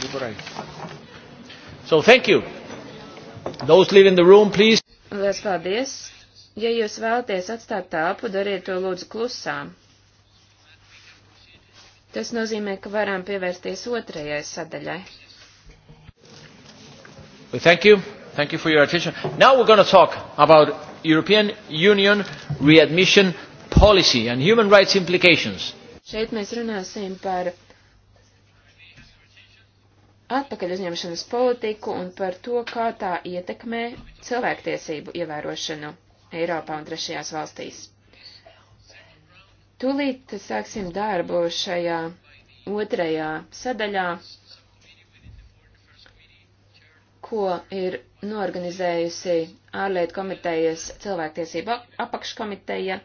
Juburai. So thank you. Those leaving the room, please. Lielas paldies. Ja jūs vēlaties atstāt tāpu, dariet to lūdzu klusām. Tas nozīmē, ka varam pievērsties otrajai sadaļai. Well, thank you. Thank you for your attention. Now we're going to talk about European Union readmission policy and human rights implications. Šeit mēs runāsim par atpakaļ uzņemšanas politiku un par to, kā tā ietekmē cilvēktiesību ievērošanu Eiropā un trešajās valstīs. Tūlīt sāksim darbu šajā otrajā sadaļā, ko ir norganizējusi ārlietu komitejas cilvēktiesība apakškomiteja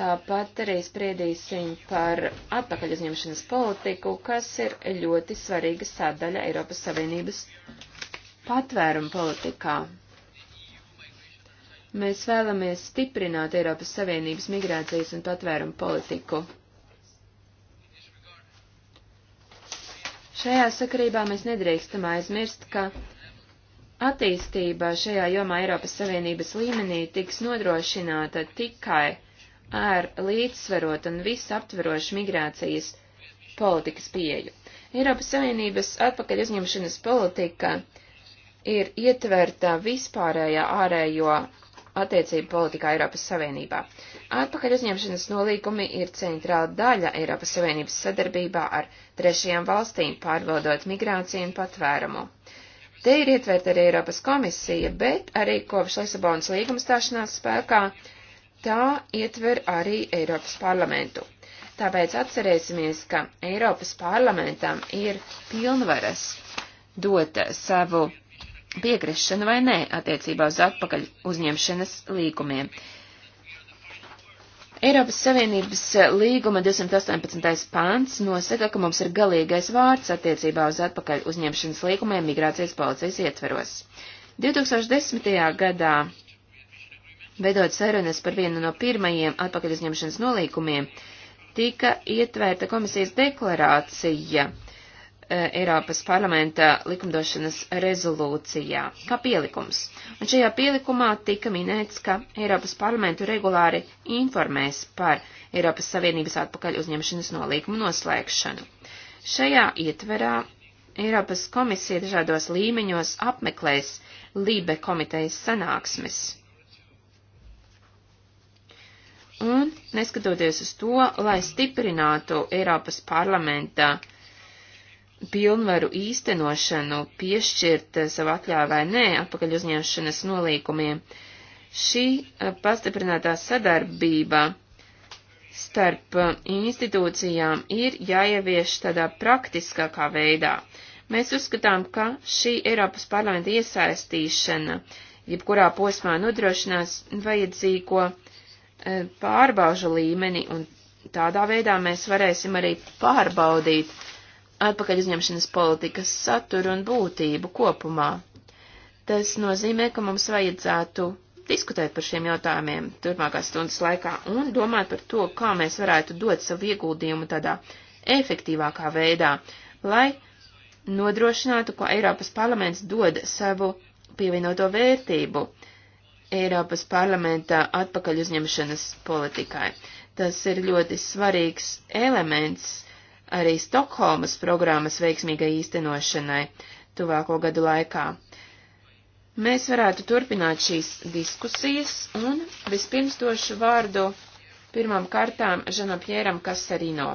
Tāpat arī spriedīsim par atpakaļ uzņemšanas politiku, kas ir ļoti svarīga sadaļa Eiropas Savienības patvērumu politikā. Mēs vēlamies stiprināt Eiropas Savienības migrācijas un patvērumu politiku. Šajā sakarībā mēs nedrīkstam aizmirst, ka attīstība šajā jomā Eiropas Savienības līmenī tiks nodrošināta tikai ar līdzsvarot un visaptverošu migrācijas politikas pieju. Eiropas Savienības atpakaļ uzņemšanas politika ir ietverta vispārējā ārējo attiecību politikā Eiropas Savienībā. Atpakaļ uzņemšanas nolīgumi ir centrāla daļa Eiropas Savienības sadarbībā ar trešajām valstīm pārvaldot migrāciju un patvērumu. Te ir ietverta arī Eiropas komisija, bet arī kopš Lisabonas līguma stāšanās spēkā tā ietver arī Eiropas parlamentu. Tāpēc atcerēsimies, ka Eiropas parlamentam ir pilnvaras dot savu piekrišanu vai nē attiecībā uz atpakaļ uzņemšanas līgumiem. Eiropas Savienības līguma 218. pāns nosaka, ka mums ir galīgais vārds attiecībā uz atpakaļ uzņemšanas līgumiem migrācijas policijas ietveros. 2010. gadā Vedot sarunas par vienu no pirmajiem atpakaļ uzņemšanas nolīkumiem, tika ietvērta komisijas deklarācija e, Eiropas parlamenta likumdošanas rezolūcijā, kā pielikums. Un šajā pielikumā tika minēts, ka Eiropas parlamentu regulāri informēs par Eiropas Savienības atpakaļ uzņemšanas nolīkumu noslēgšanu. Šajā ietverā Eiropas komisija dažādos līmeņos apmeklēs Lībe komitejas sanāksmes. Un, neskatoties uz to, lai stiprinātu Eiropas parlamenta pilnvaru īstenošanu, piešķirt savu atļauju vai nē atpakaļ uzņemšanas nolīkumiem, šī eh, pastiprinātā sadarbība starp eh, institūcijām ir jāievieš tādā praktiskākā veidā. Mēs uzskatām, ka šī Eiropas parlamenta iesaistīšana jebkurā posmā nodrošinās vajadzīgo E, pārbaužu līmeni, un tādā veidā mēs varēsim arī pārbaudīt atpakaļ uzņemšanas politikas saturu un būtību kopumā. Tas nozīmē, ka mums vajadzētu diskutēt par šiem jautājumiem turpmākās stundas laikā un domāt par to, kā mēs varētu dot savu ieguldījumu tādā efektīvākā veidā, lai nodrošinātu, ka Eiropas parlaments dod savu pievienoto vērtību. Uh, Eiropas parlamenta atpakaļ uzņemšanas politikai. Tas ir ļoti svarīgs elements arī Stokholmas programmas veiksmīgai īstenošanai tuvāko gadu laikā. Mēs varētu turpināt šīs diskusijas un vispirms došu vārdu pirmām kārtām Žanapjēram Kasarino.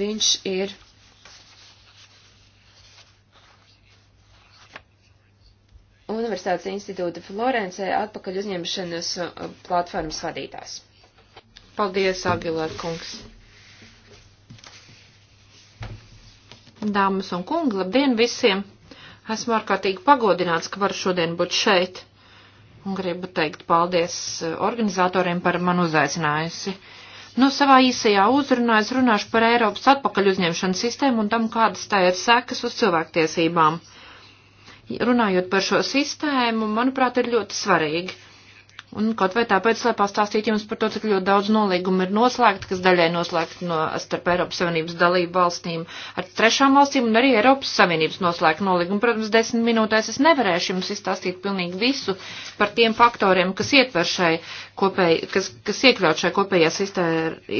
Viņš ir Universitātes institūta Florencē atpakaļ uzņemšanas uh, platformas vadītājs. Paldies, Agilēr kungs! Dāmas un kungi, labdien visiem! Esmu ārkārtīgi pagodināts, ka varu šodien būt šeit. Un gribu teikt paldies uh, organizatoriem par man uzaicinājusi. Nu, savā īsajā uzrunā es runāšu par Eiropas atpakaļ uzņemšanas sistēmu un tam, kādas tā ir sekas uz cilvēktiesībām. Uh, runājot par šo sistēmu, manuprāt, ir ļoti svarīgi. Un kaut vai tāpēc, lai pastāstītu jums par to, cik ļoti daudz nolīgumu ir noslēgti, kas daļai noslēgti no starp Eiropas Savienības dalību valstīm ar trešām valstīm un arī Eiropas Savienības noslēgti nolīgumu. Protams, desmit minūtēs es nevarēšu jums izstāstīt pilnīgi visu par tiem faktoriem, kas ietver šai kopēji, kas, kas iekļaut šai kopējā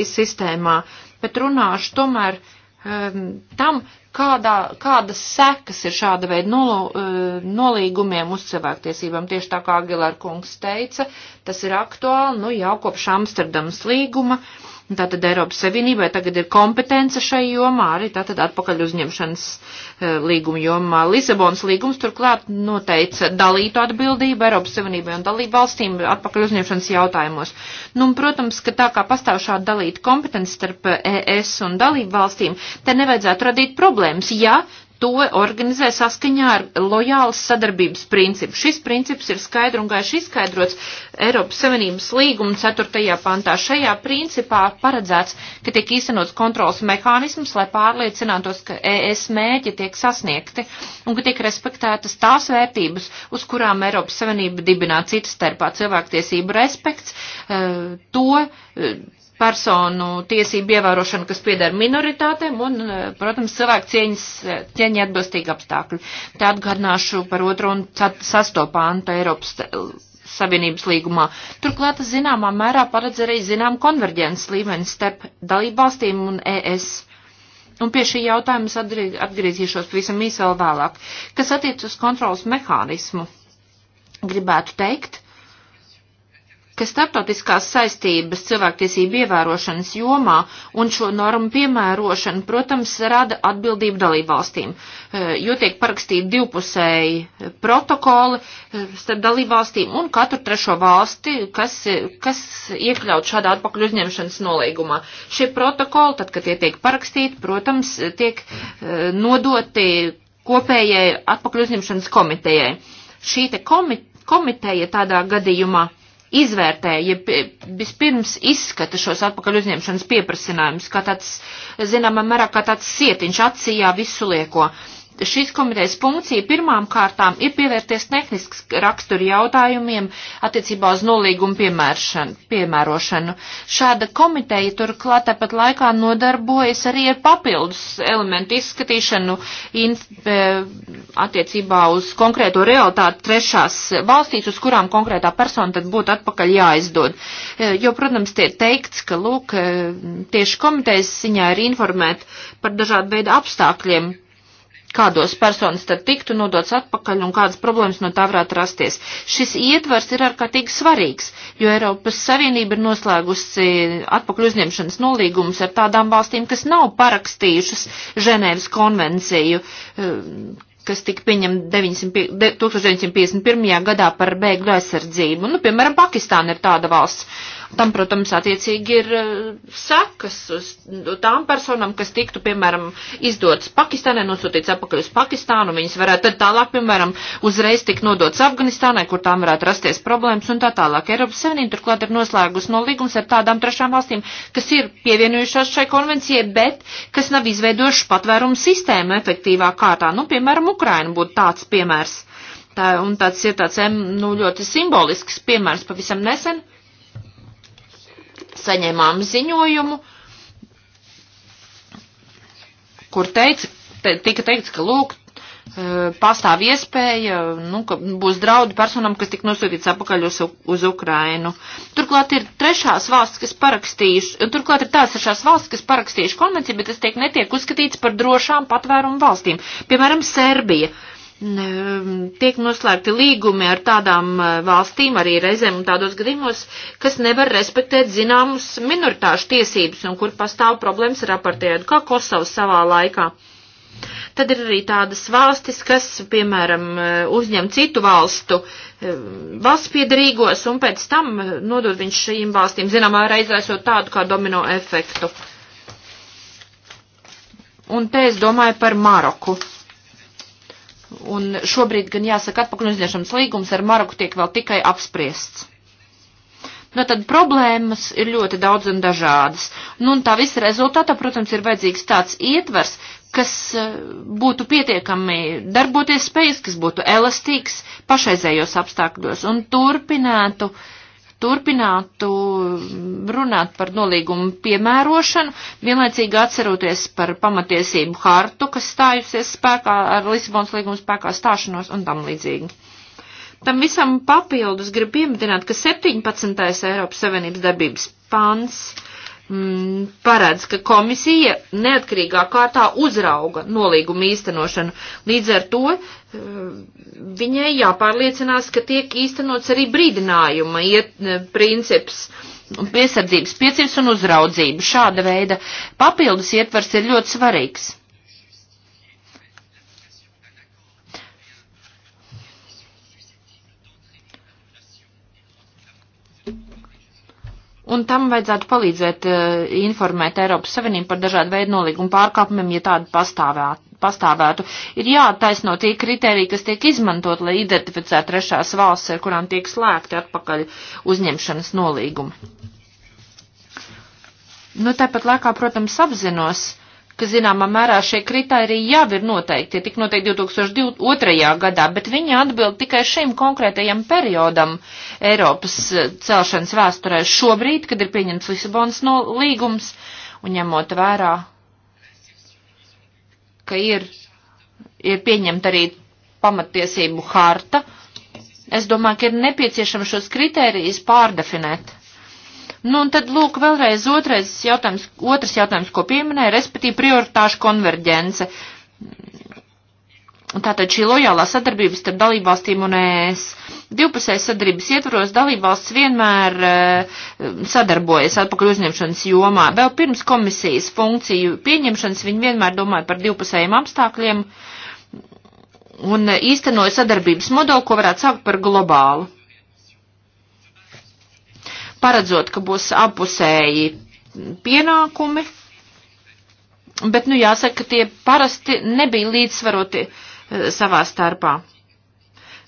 sistēmā, bet runāšu tomēr um, tam, kādā, kādas sekas ir šāda veida nol, ehm, nolīgumiem uz cilvēktiesībām. Tieši tā kā Agilēr kungs teica, tas ir aktuāli, nu jau kopš Amsterdams līguma. Uh, Tātad Eiropas Savienībai tagad ir kompetence šai jomā, arī tātad atpakaļ uzņemšanas e, līguma jomā. Lisabonas līgums turklāt noteica dalītu atbildību Eiropas Savienībai un dalību valstīm atpakaļ uzņemšanas jautājumos. Nu, un, protams, ka tā kā pastāv šāda dalīta kompetence starp ES un dalību valstīm, te nevajadzētu radīt problēmas, ja to organizē saskaņā ar lojālas sadarbības principu. Šis princips ir skaidri un gaiši izskaidrots Eiropas Savienības līguma 4. pantā. Šajā principā paredzēts, ka tiek īstenots kontrols mehānisms, lai pārliecinātos, ka ES mēķi tiek sasniegti un ka tiek respektētas tās vērtības, uz kurām Eiropas Savienība dibinā citas starpā cilvēktiesību respekts, eh, to eh, personu tiesību ievērošanu, kas pieder minoritātēm un, eh, protams, cilvēku cieņas, cieņa atbilstīgi apstākļi. Te atgādināšu par otro un sasto pāntu Eiropas Savienības līgumā. Turklāt, zināmā mērā paredz arī zinām konverģences līmeni starp dalībvalstīm un ES. Un pie šī jautājuma es atgriezīšos pavisam īsi vēl vēlāk. Kas attiec uz kontrolas mehānismu, gribētu teikt, ka starptautiskās saistības cilvēktiesību ievērošanas jomā un šo normu piemērošana, protams, rada atbildību dalībvalstīm, eh, jo tiek parakstīti divpusēji eh, protokoli eh, starp dalībvalstīm un katru trešo valsti, kas, kas iekļaut šādā atpakaļ uzņemšanas nolīgumā. Šie protokoli, tad, kad tie tiek parakstīti, protams, tiek nodoti kopējai atpakaļ uzņemšanas komitejai. Šī te komiteja tādā gadījumā izvērtē, ja vispirms izskata šos atpakaļ uzņemšanas pieprasinājumus, kā tāds, zināmā mērā, kā tāds sietiņš acījā visu lieko. Uh, šīs komitejas funkcija pirmām kārtām ir pievērties tehnisks raksturu jautājumiem attiecībā uz nolīgumu piemērošanu. Šāda komiteja turklāt tāpat laikā nodarbojas arī ar papildus elementu izskatīšanu in, e, attiecībā uz konkrēto realitāti trešās valstīs, uz kurām konkrētā persona tad būtu atpakaļ jāizdod. E, jo, protams, tiek teikts, ka, lūk, e, tieši komitejas ziņā ir informēt par dažādu veidu apstākļiem kādos personas tad tiktu nodots atpakaļ un kādas problēmas no tā varētu rasties. Šis ietvars ir ārkārtīgi svarīgs, jo Eiropas Savienība ir noslēgusi atpakaļ uzņemšanas nolīgumus ar tādām valstīm, kas nav parakstījušas Ženēvas konvenciju eh, kas tika pieņemta 1951. gadā par bēgļu aizsardzību. Nu, piemēram, Pakistāna ir tāda valsts. Tam, protams, attiecīgi ir eh, sekas uz tām personām, kas tiktu, piemēram, izdotas Pakistānai, nosūtīts atpakaļ uz Pakistānu, viņas varētu tad tālāk, piemēram, uzreiz tikt nodotas Afganistānai, kur tām varētu rasties problēmas un tā tālāk. Eiropas Savienība turklāt ir noslēgus no līgums ar tādām trešām valstīm, kas ir pievienojušās šai konvencijai, bet kas nav izveidojuši patvērumu sistēmu efektīvā kārtā. Nu, piemēram, Ukraina būtu tāds piemērs. Tā, un tāds ir tāds, nu, ļoti simbolisks piemērs pavisam nesen saņēmām ziņojumu, kur teica, te, tika teikts, ka lūk, e, pastāv iespēja, nu, ka būs draudi personam, kas tik nosūtīts apakaļ uz, uz Ukrainu. Turklāt ir trešās valsts, kas parakstījuši, turklāt ir tās trešās valsts, kas parakstījuši konvenciju, bet tas tiek netiek uzskatīts par drošām patvērumu valstīm. Piemēram, Serbija. Uh, Um, tiek noslēgti līgumi ar tādām uh, valstīm, arī reizēm un tādos gadījumos, kas nevar respektēt zināmus minoritāšu tiesības un kur pastāv problēmas ar apartēdu, kā Kosovas savā laikā. Tad ir arī tādas valstis, kas, piemēram, uh, uzņem citu valstu um, valsts piedarīgos un pēc tam uh, nodod viņš šīm valstīm, zināmā mērā izraisot tādu kā domino efektu. Un te es domāju par Maroku Un šobrīd, gan jāsaka, atpakaļ uzņemšanas līgums ar Maroku tiek vēl tikai apspriests. Nu, tad problēmas ir ļoti daudz un dažādas. Nu, un tā visa rezultātā, protams, ir vajadzīgs tāds ietvers, kas eh, būtu pietiekami darboties spējas, kas būtu elastīgs pašreizējos apstākļos un turpinātu uh, turpinātu runāt par nolīgumu piemērošanu, vienlaicīgi atceroties par pamatiesību hartu, kas stājusies spēkā ar Lisabons līgumu spēkā stāšanos un tam līdzīgi. Tam visam papildus grib pieminēt, ka 17. Eiropas Savienības darbības pāns mm, paredz, ka komisija neatkarīgā kārtā uzrauga nolīgumu īstenošanu. Līdz ar to eh, viņai jāpārliecinās, ka tiek īstenots arī brīdinājuma iet, eh, princips piesardzības piecības un uzraudzību. Šāda veida papildus ietvars ir ļoti svarīgs. Un tam vajadzētu palīdzēt eh, informēt Eiropas Savienību par dažādu veidu nolīgumu pārkāpumiem, ja tāda pastāvētu. pastāvētu. Ir jātaisno tie kriteriji, kas tiek izmantot, lai identificētu trešās valsts, ar kurām tiek slēgti atpakaļ uzņemšanas nolīgumi. Nu, tāpat laikā, protams, apzinos, ka zināmā mērā šie kritēriji jau ir noteikti, ja tik noteikti 2002. gadā, bet viņi atbild tikai šim konkrētajam periodam Eiropas eh, celšanas vēsturē šobrīd, kad ir pieņemts Lisabonas no līgums un ņemot vērā, ka ir, ir pieņemta arī pamatiesību harta. Es domāju, ka ir nepieciešams šos kritērijus pārdefinēt Nu, un tad lūk vēlreiz otrais jautājums, otrs jautājums, ko pieminēja, respektīvi prioritāšu konverģence. Tātad šī lojālā sadarbības starp dalībvalstīm un ES. Divpusējas sadarbības ietvaros dalībvalsts vienmēr uh, sadarbojas atpakaļ uzņemšanas jomā. Vēl pirms komisijas funkciju pieņemšanas viņi vienmēr domāja par divpusējiem apstākļiem un eh, īstenoja sadarbības modeli, ko varētu saukt par globālu paredzot, ka būs apusēji pienākumi, bet, nu, jāsaka, ka tie parasti nebija līdzsvaroti eh, savā starpā.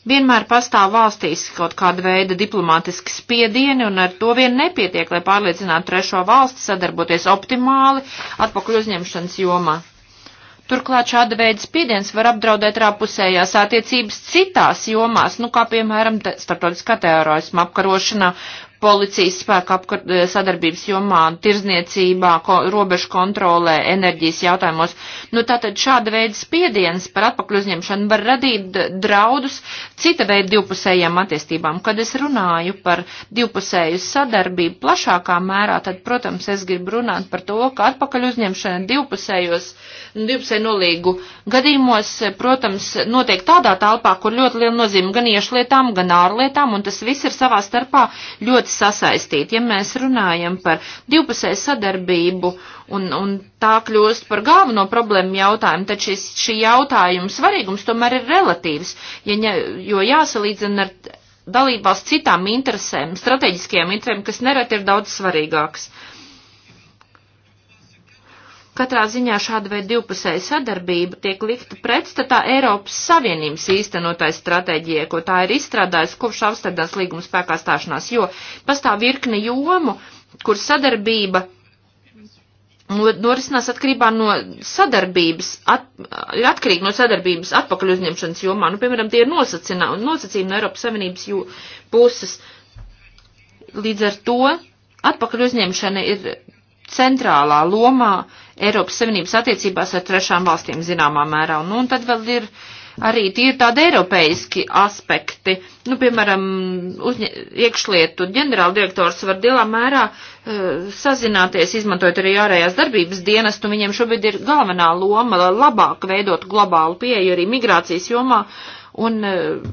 Vienmēr pastāv valstīs kaut kāda veida diplomātiski spiedieni, un ar to vien nepietiek, lai pārliecinātu trešo valsti sadarboties optimāli atpakaļ uzņemšanas jomā. Turklāt šāda veida spiediens var apdraudēt rāpusējās attiecības citās jomās, nu kā piemēram starptautiskā terorisma apkarošanā policijas spēku eh, sadarbības jomā, tirzniecībā, ko, robežu kontrolē, enerģijas jautājumos. Nu, tātad šāda veida spiediens par atpakaļ uzņemšanu var radīt draudus cita veida divpusējām attiestībām. Kad es runāju par divpusēju sadarbību plašākā mērā, tad, protams, es gribu runāt par to, ka atpakaļ uzņemšana divpusējos, divpusēju nolīgu gadījumos, protams, notiek tādā telpā, kur ļoti liela nozīme gan iešlietām, gan ārlietām, un tas viss ir savā starpā ļoti ļoti sasaistīti. Ja mēs runājam par divpusēju sadarbību un, un tā kļūst par galveno problēmu jautājumu, tad šis, šī jautājuma svarīgums tomēr ir relatīvs, ja, ne, jo jāsalīdzina ar dalībās citām interesēm, strateģiskajām interesēm, kas nereti ir daudz svarīgākas. Uh, Katrā ziņā šāda veida divpusēja sadarbība tiek likta pretstatā Eiropas Savienības īstenotai stratēģijai, ko tā ir izstrādājusi kopš Amsterdams līguma spēkā stāšanās, jo pastāv virkne jomu, kur sadarbība norisinās atkarībā no sadarbības, at, ir atkarīgi no sadarbības atpakaļ uzņemšanas jomā. Nu, piemēram, tie ir nosacījumi no Eiropas Savienības jū, puses. Līdz ar to atpakaļ uzņemšana ir centrālā lomā Eiropas Savienības attiecībās ar trešām valstīm zināmā mērā. Un, nu, un tad vēl ir arī tie ir tādi eiropeiski aspekti. Nu, piemēram, uzņa, iekšlietu ģenerāldirektors var lielā mērā uh, sazināties, izmantojot arī ārējās darbības dienestu. Viņiem šobrīd ir galvenā loma, lai labāk veidot globālu pieeju arī migrācijas jomā. Un uh,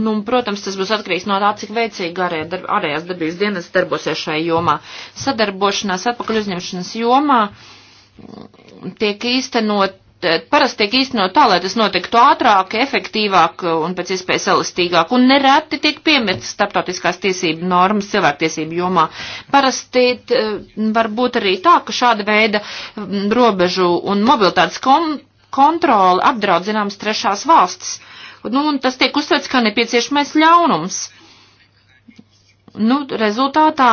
Nu, protams, tas būs atkarīgs no tā, cik veicīgi ārējās darb, darbības dienas darbosies šajā jomā. Sadarbošanās atpakaļ uzņemšanas jomā mm, tiek īstenot, eh, parasti tiek īstenot tā, lai tas notiktu ātrāk, efektīvāk eh, un pēc iespējas elastīgāk. Un nereti tiek piemērts starptautiskās tiesību normas cilvēktiesību jomā. Parasti t, eh, var būt arī tā, ka šāda veida mm, robežu un mobilitātes kon kontroli apdraud zināmas trešās valstis. Uh, Nu, un tas tiek uzsvērts kā nepieciešamais ļaunums. Nu, rezultātā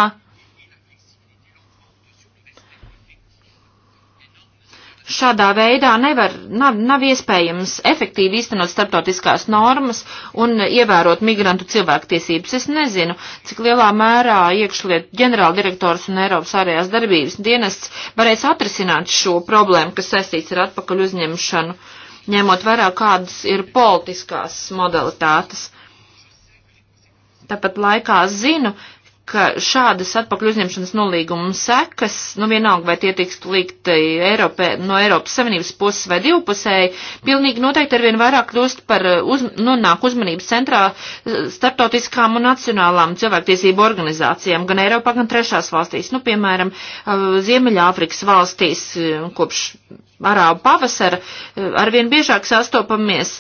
šādā veidā nevar, nav, nav iespējams efektīvi īstenot starptautiskās normas un ievērot migrantu cilvēktiesības. Es nezinu, cik lielā mērā iekšliet ģenerāldirektors un Eiropas ārējās darbības dienests varēs atrisināt šo problēmu, kas saistīts ar atpakaļ uzņemšanu. Uh, ņemot vērā, kādas ir politiskās modalitātes. Tāpat laikā zinu, ka šādas atpakaļ uzņemšanas nolīguma sekas, nu vienalga, vai tie tiks likti Eiropē, no Eiropas Savienības puses vai divpusēji, pilnīgi noteikti arvien vairāk kļūst par, uh, uz, nu, nāk uzmanības centrā uh, starptautiskām un nacionālām cilvēktiesību organizācijām, gan Eiropā, gan trešās valstīs, nu, piemēram, uh, Ziemeļāfrikas valstīs kopš arābu pavasara, eh, arvien biežāk sastopamies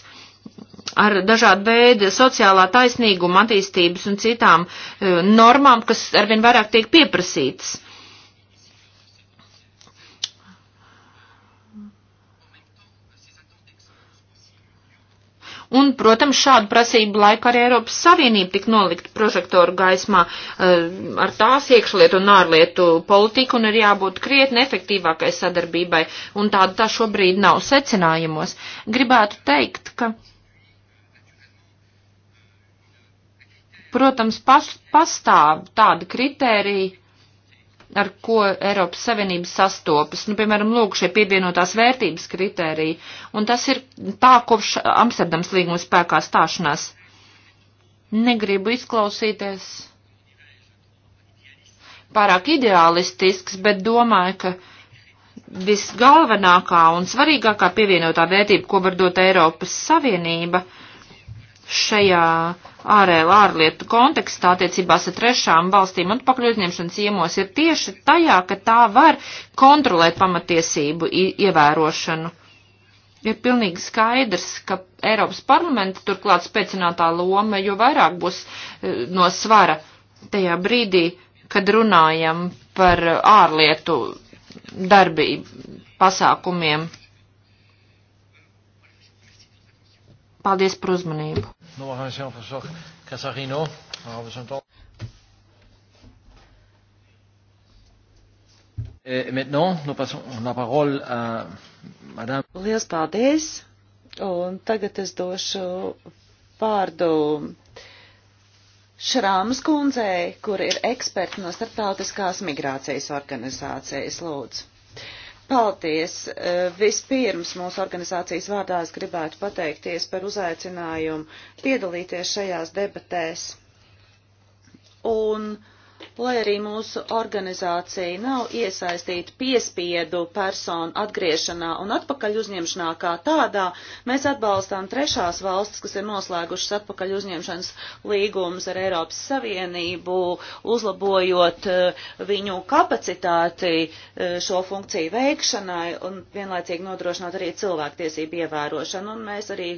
ar dažādu veidu sociālā taisnīguma attīstības un citām eh, normām, kas arvien vairāk tiek pieprasītas. Un, protams, šādu prasību laiku arī Eiropas Savienība tik nolikt prožektoru gaismā eh, ar tās iekšlietu un ārlietu politiku un ir jābūt krietni efektīvākai sadarbībai. Un tāda tā šobrīd nav secinājumos. Gribētu teikt, ka. Protams, pas, pastāv tādi kritēriji, ar ko Eiropas Savienība sastopas. Nu, piemēram, lūk, šie pievienotās vērtības kritēriji. Un tas ir tā kopš Amsterdams līguma spēkā stāšanās. Negribu izklausīties pārāk ideālistisks, bet domāju, ka visgalvenākā un svarīgākā pievienotā vērtība, ko var dot Eiropas Savienība šajā uh, ārēlu ārlietu kontekstā attiecībās ar trešām valstīm un pakļūtņemšanas iemos ir tieši tajā, ka tā var kontrolēt pamatiesību ievērošanu. Ir pilnīgi skaidrs, ka Eiropas parlamenta turklāt spēcinātā loma, jo vairāk būs e, no svara tajā brīdī, kad runājam par ārlietu darbību pasākumiem. Paldies par uzmanību! nog een zelf verzocht. Casarino, we zijn toch. Maintenant, nous passons la parole à Madame. Lielas paldies. Un tagad es došu vārdu Šrāmas kundzei, kur ir eksperti no Startautiskās migrācijas organizācijas. Lūdzu. Paldies! E, vispirms mūsu organizācijas vārdā es gribētu pateikties par uzaicinājumu piedalīties šajās debatēs. Un uh, Lai arī mūsu organizācija nav iesaistīta piespiedu personu atgriešanā un atpakaļ uzņemšanā kā tādā, mēs atbalstām trešās valstis, kas ir noslēgušas atpakaļ uzņemšanas līgumus ar Eiropas Savienību, uzlabojot eh, viņu kapacitāti eh, šo funkciju veikšanai un vienlaicīgi nodrošinot arī cilvēktiesību ievērošanu. Un mēs arī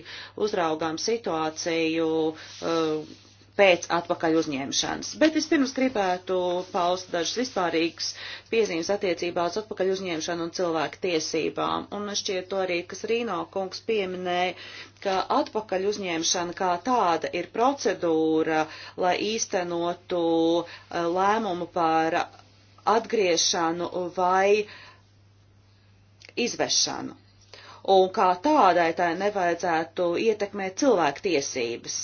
uzraugām situāciju eh, pēc atpakaļ uzņemšanas. Bet vispirms gribētu paust dažas vispārīgas piezīmes attiecībā uz atpakaļ uzņemšanu un cilvēku tiesībām. Un šķiet to arī, kas Rīno kungs pieminēja, ka atpakaļ uzņemšana kā tāda ir procedūra, lai īstenotu eh, lēmumu par atgriešanu vai izvešanu. Un kā tādai tai nevajadzētu ietekmēt cilvēku tiesības.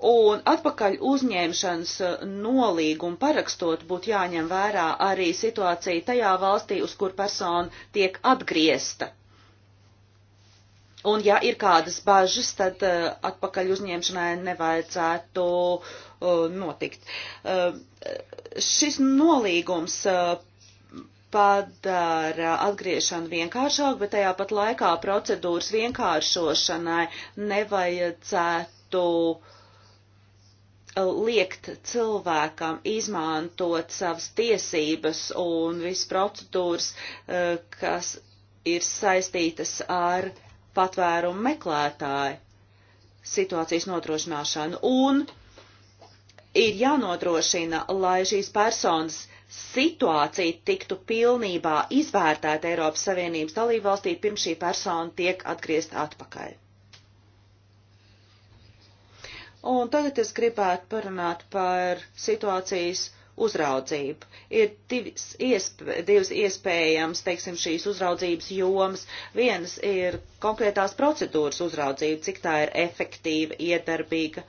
Un atpakaļ uzņemšanas uh, nolīgumu parakstot būtu jāņem vērā arī situācija tajā valstī, uz kur persona tiek atgriezta. Un ja ir kādas bažas, tad uh, atpakaļ uzņemšanai nevajadzētu uh, notikt. Šis nolīgums padara atgriešanu vienkāršāku, bet tajā pat laikā procedūras vienkāršošanai nevajadzētu uh, liekt cilvēkam izmantot savas tiesības un visas procedūras, e, kas ir saistītas ar patvērumu meklētāju situācijas nodrošināšanu. Un ir jānodrošina, lai šīs personas situācija tiktu pilnībā izvērtēta Eiropas Savienības dalībvalstī, pirms šī persona tiek atgriezt atpakaļ. Un tagad es gribētu parunāt par situācijas uzraudzību. Ir divas, iespē, divas iespējams, teiksim, šīs uzraudzības jomas. Vienas ir konkrētās procedūras uzraudzība, cik tā ir efektīva, iedarbīga.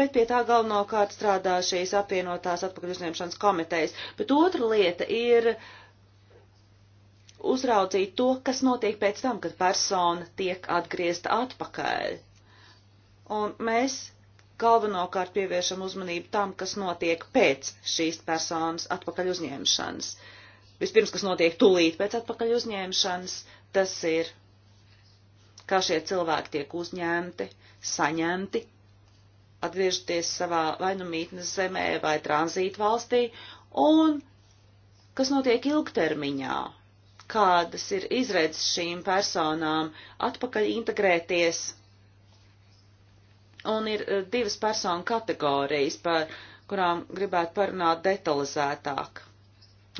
Bet pie tā galvenokārt strādā šīs apvienotās atpakaļ uzņemšanas komitejas. Bet otra lieta ir uzraudzīt to, kas notiek pēc tam, kad persona tiek atgriezta atpakaļ. Un mēs galvenokārt pievēršam uzmanību tam, kas notiek pēc šīs personas atpakaļ uzņemšanas. Vispirms, kas notiek tūlīt pēc atpakaļ uzņemšanas, tas ir, kā šie cilvēki tiek uzņemti, saņemti, atgriežoties savā vai nu mītnes zemē vai tranzītu valstī, un kas notiek ilgtermiņā, kādas ir izredzes šīm personām atpakaļ integrēties un ir eh, divas personu kategorijas, par kurām gribētu parunāt detalizētāk,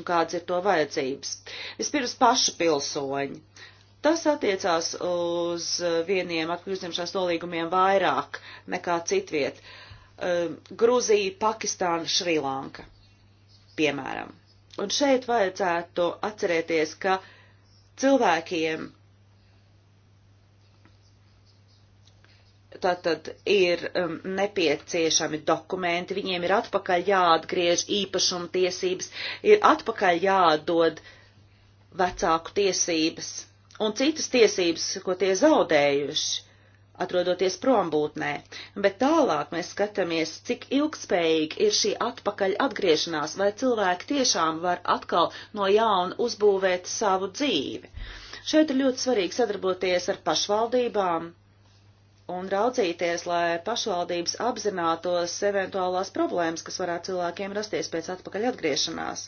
kādas ir to vajadzības. Vispirms paši pilsoņi. Tas attiecās uz vieniem atgrūzņemšanas nolīgumiem vairāk nekā citviet. Ehm, Gruzija, Pakistāna, Šrilanka, piemēram. Un šeit vajadzētu atcerēties, ka cilvēkiem Tātad ir um, nepieciešami dokumenti, viņiem ir atpakaļ jāatgriež īpašuma tiesības, ir atpakaļ jādod vecāku tiesības un citas tiesības, ko tie zaudējuši, atrodoties prombūtnē. Bet tālāk mēs skatāmies, cik ilgspējīgi ir šī atpakaļ atgriešanās, vai cilvēki tiešām var atkal no jauna uzbūvēt savu dzīvi. Šeit ir ļoti svarīgi sadarboties ar pašvaldībām un raudzīties, lai pašvaldības apzinātos eventuālās problēmas, kas varētu cilvēkiem rasties pēc atpakaļ atgriešanās.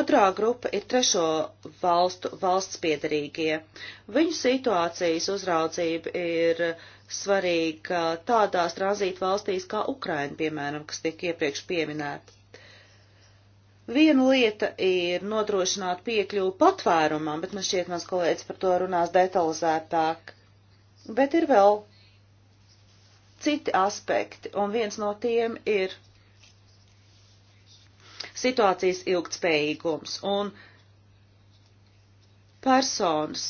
Otrā grupa ir trešo valstu valsts piedarīgie. Viņu situācijas uzraudzība ir svarīga tādās tranzītu valstīs kā Ukraina, piemēram, kas tiek iepriekš pieminēta. Viena lieta ir nodrošināt piekļuvu patvērumam, bet man šķiet, mans kolēģis par to runās detalizētāk. Bet ir vēl citi aspekti, un viens no tiem ir situācijas ilgtspējīgums, un personas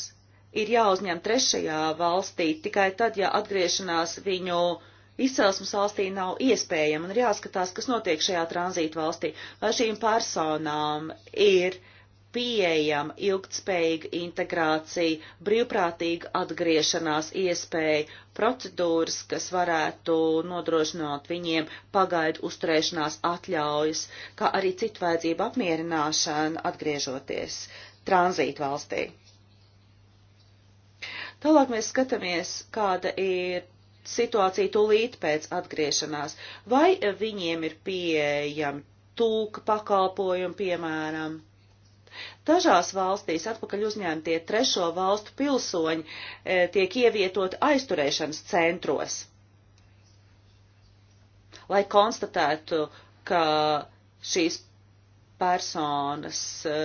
ir jāuzņem trešajā valstī tikai tad, ja atgriešanās viņu izcelsmes valstī nav iespējama, un ir jāskatās, kas notiek šajā tranzītu valstī, vai šīm personām ir uh, pieejama ilgtspējīga integrācija, brīvprātīga atgriešanās iespēja, procedūras, kas varētu nodrošināt viņiem pagaidu uzturēšanās atļaujas, kā arī citu vajadzību apmierināšanu atgriežoties tranzītu valstī. Tālāk mēs skatāmies, kāda ir situācija tūlīt pēc atgriešanās. Vai viņiem ir pieejami tūka pakalpojumi, piemēram? Dažās valstīs atpakaļ uzņemtie trešo valstu pilsoņi e, tiek ievietot aizturēšanas centros, lai konstatētu, ka šīs personas e,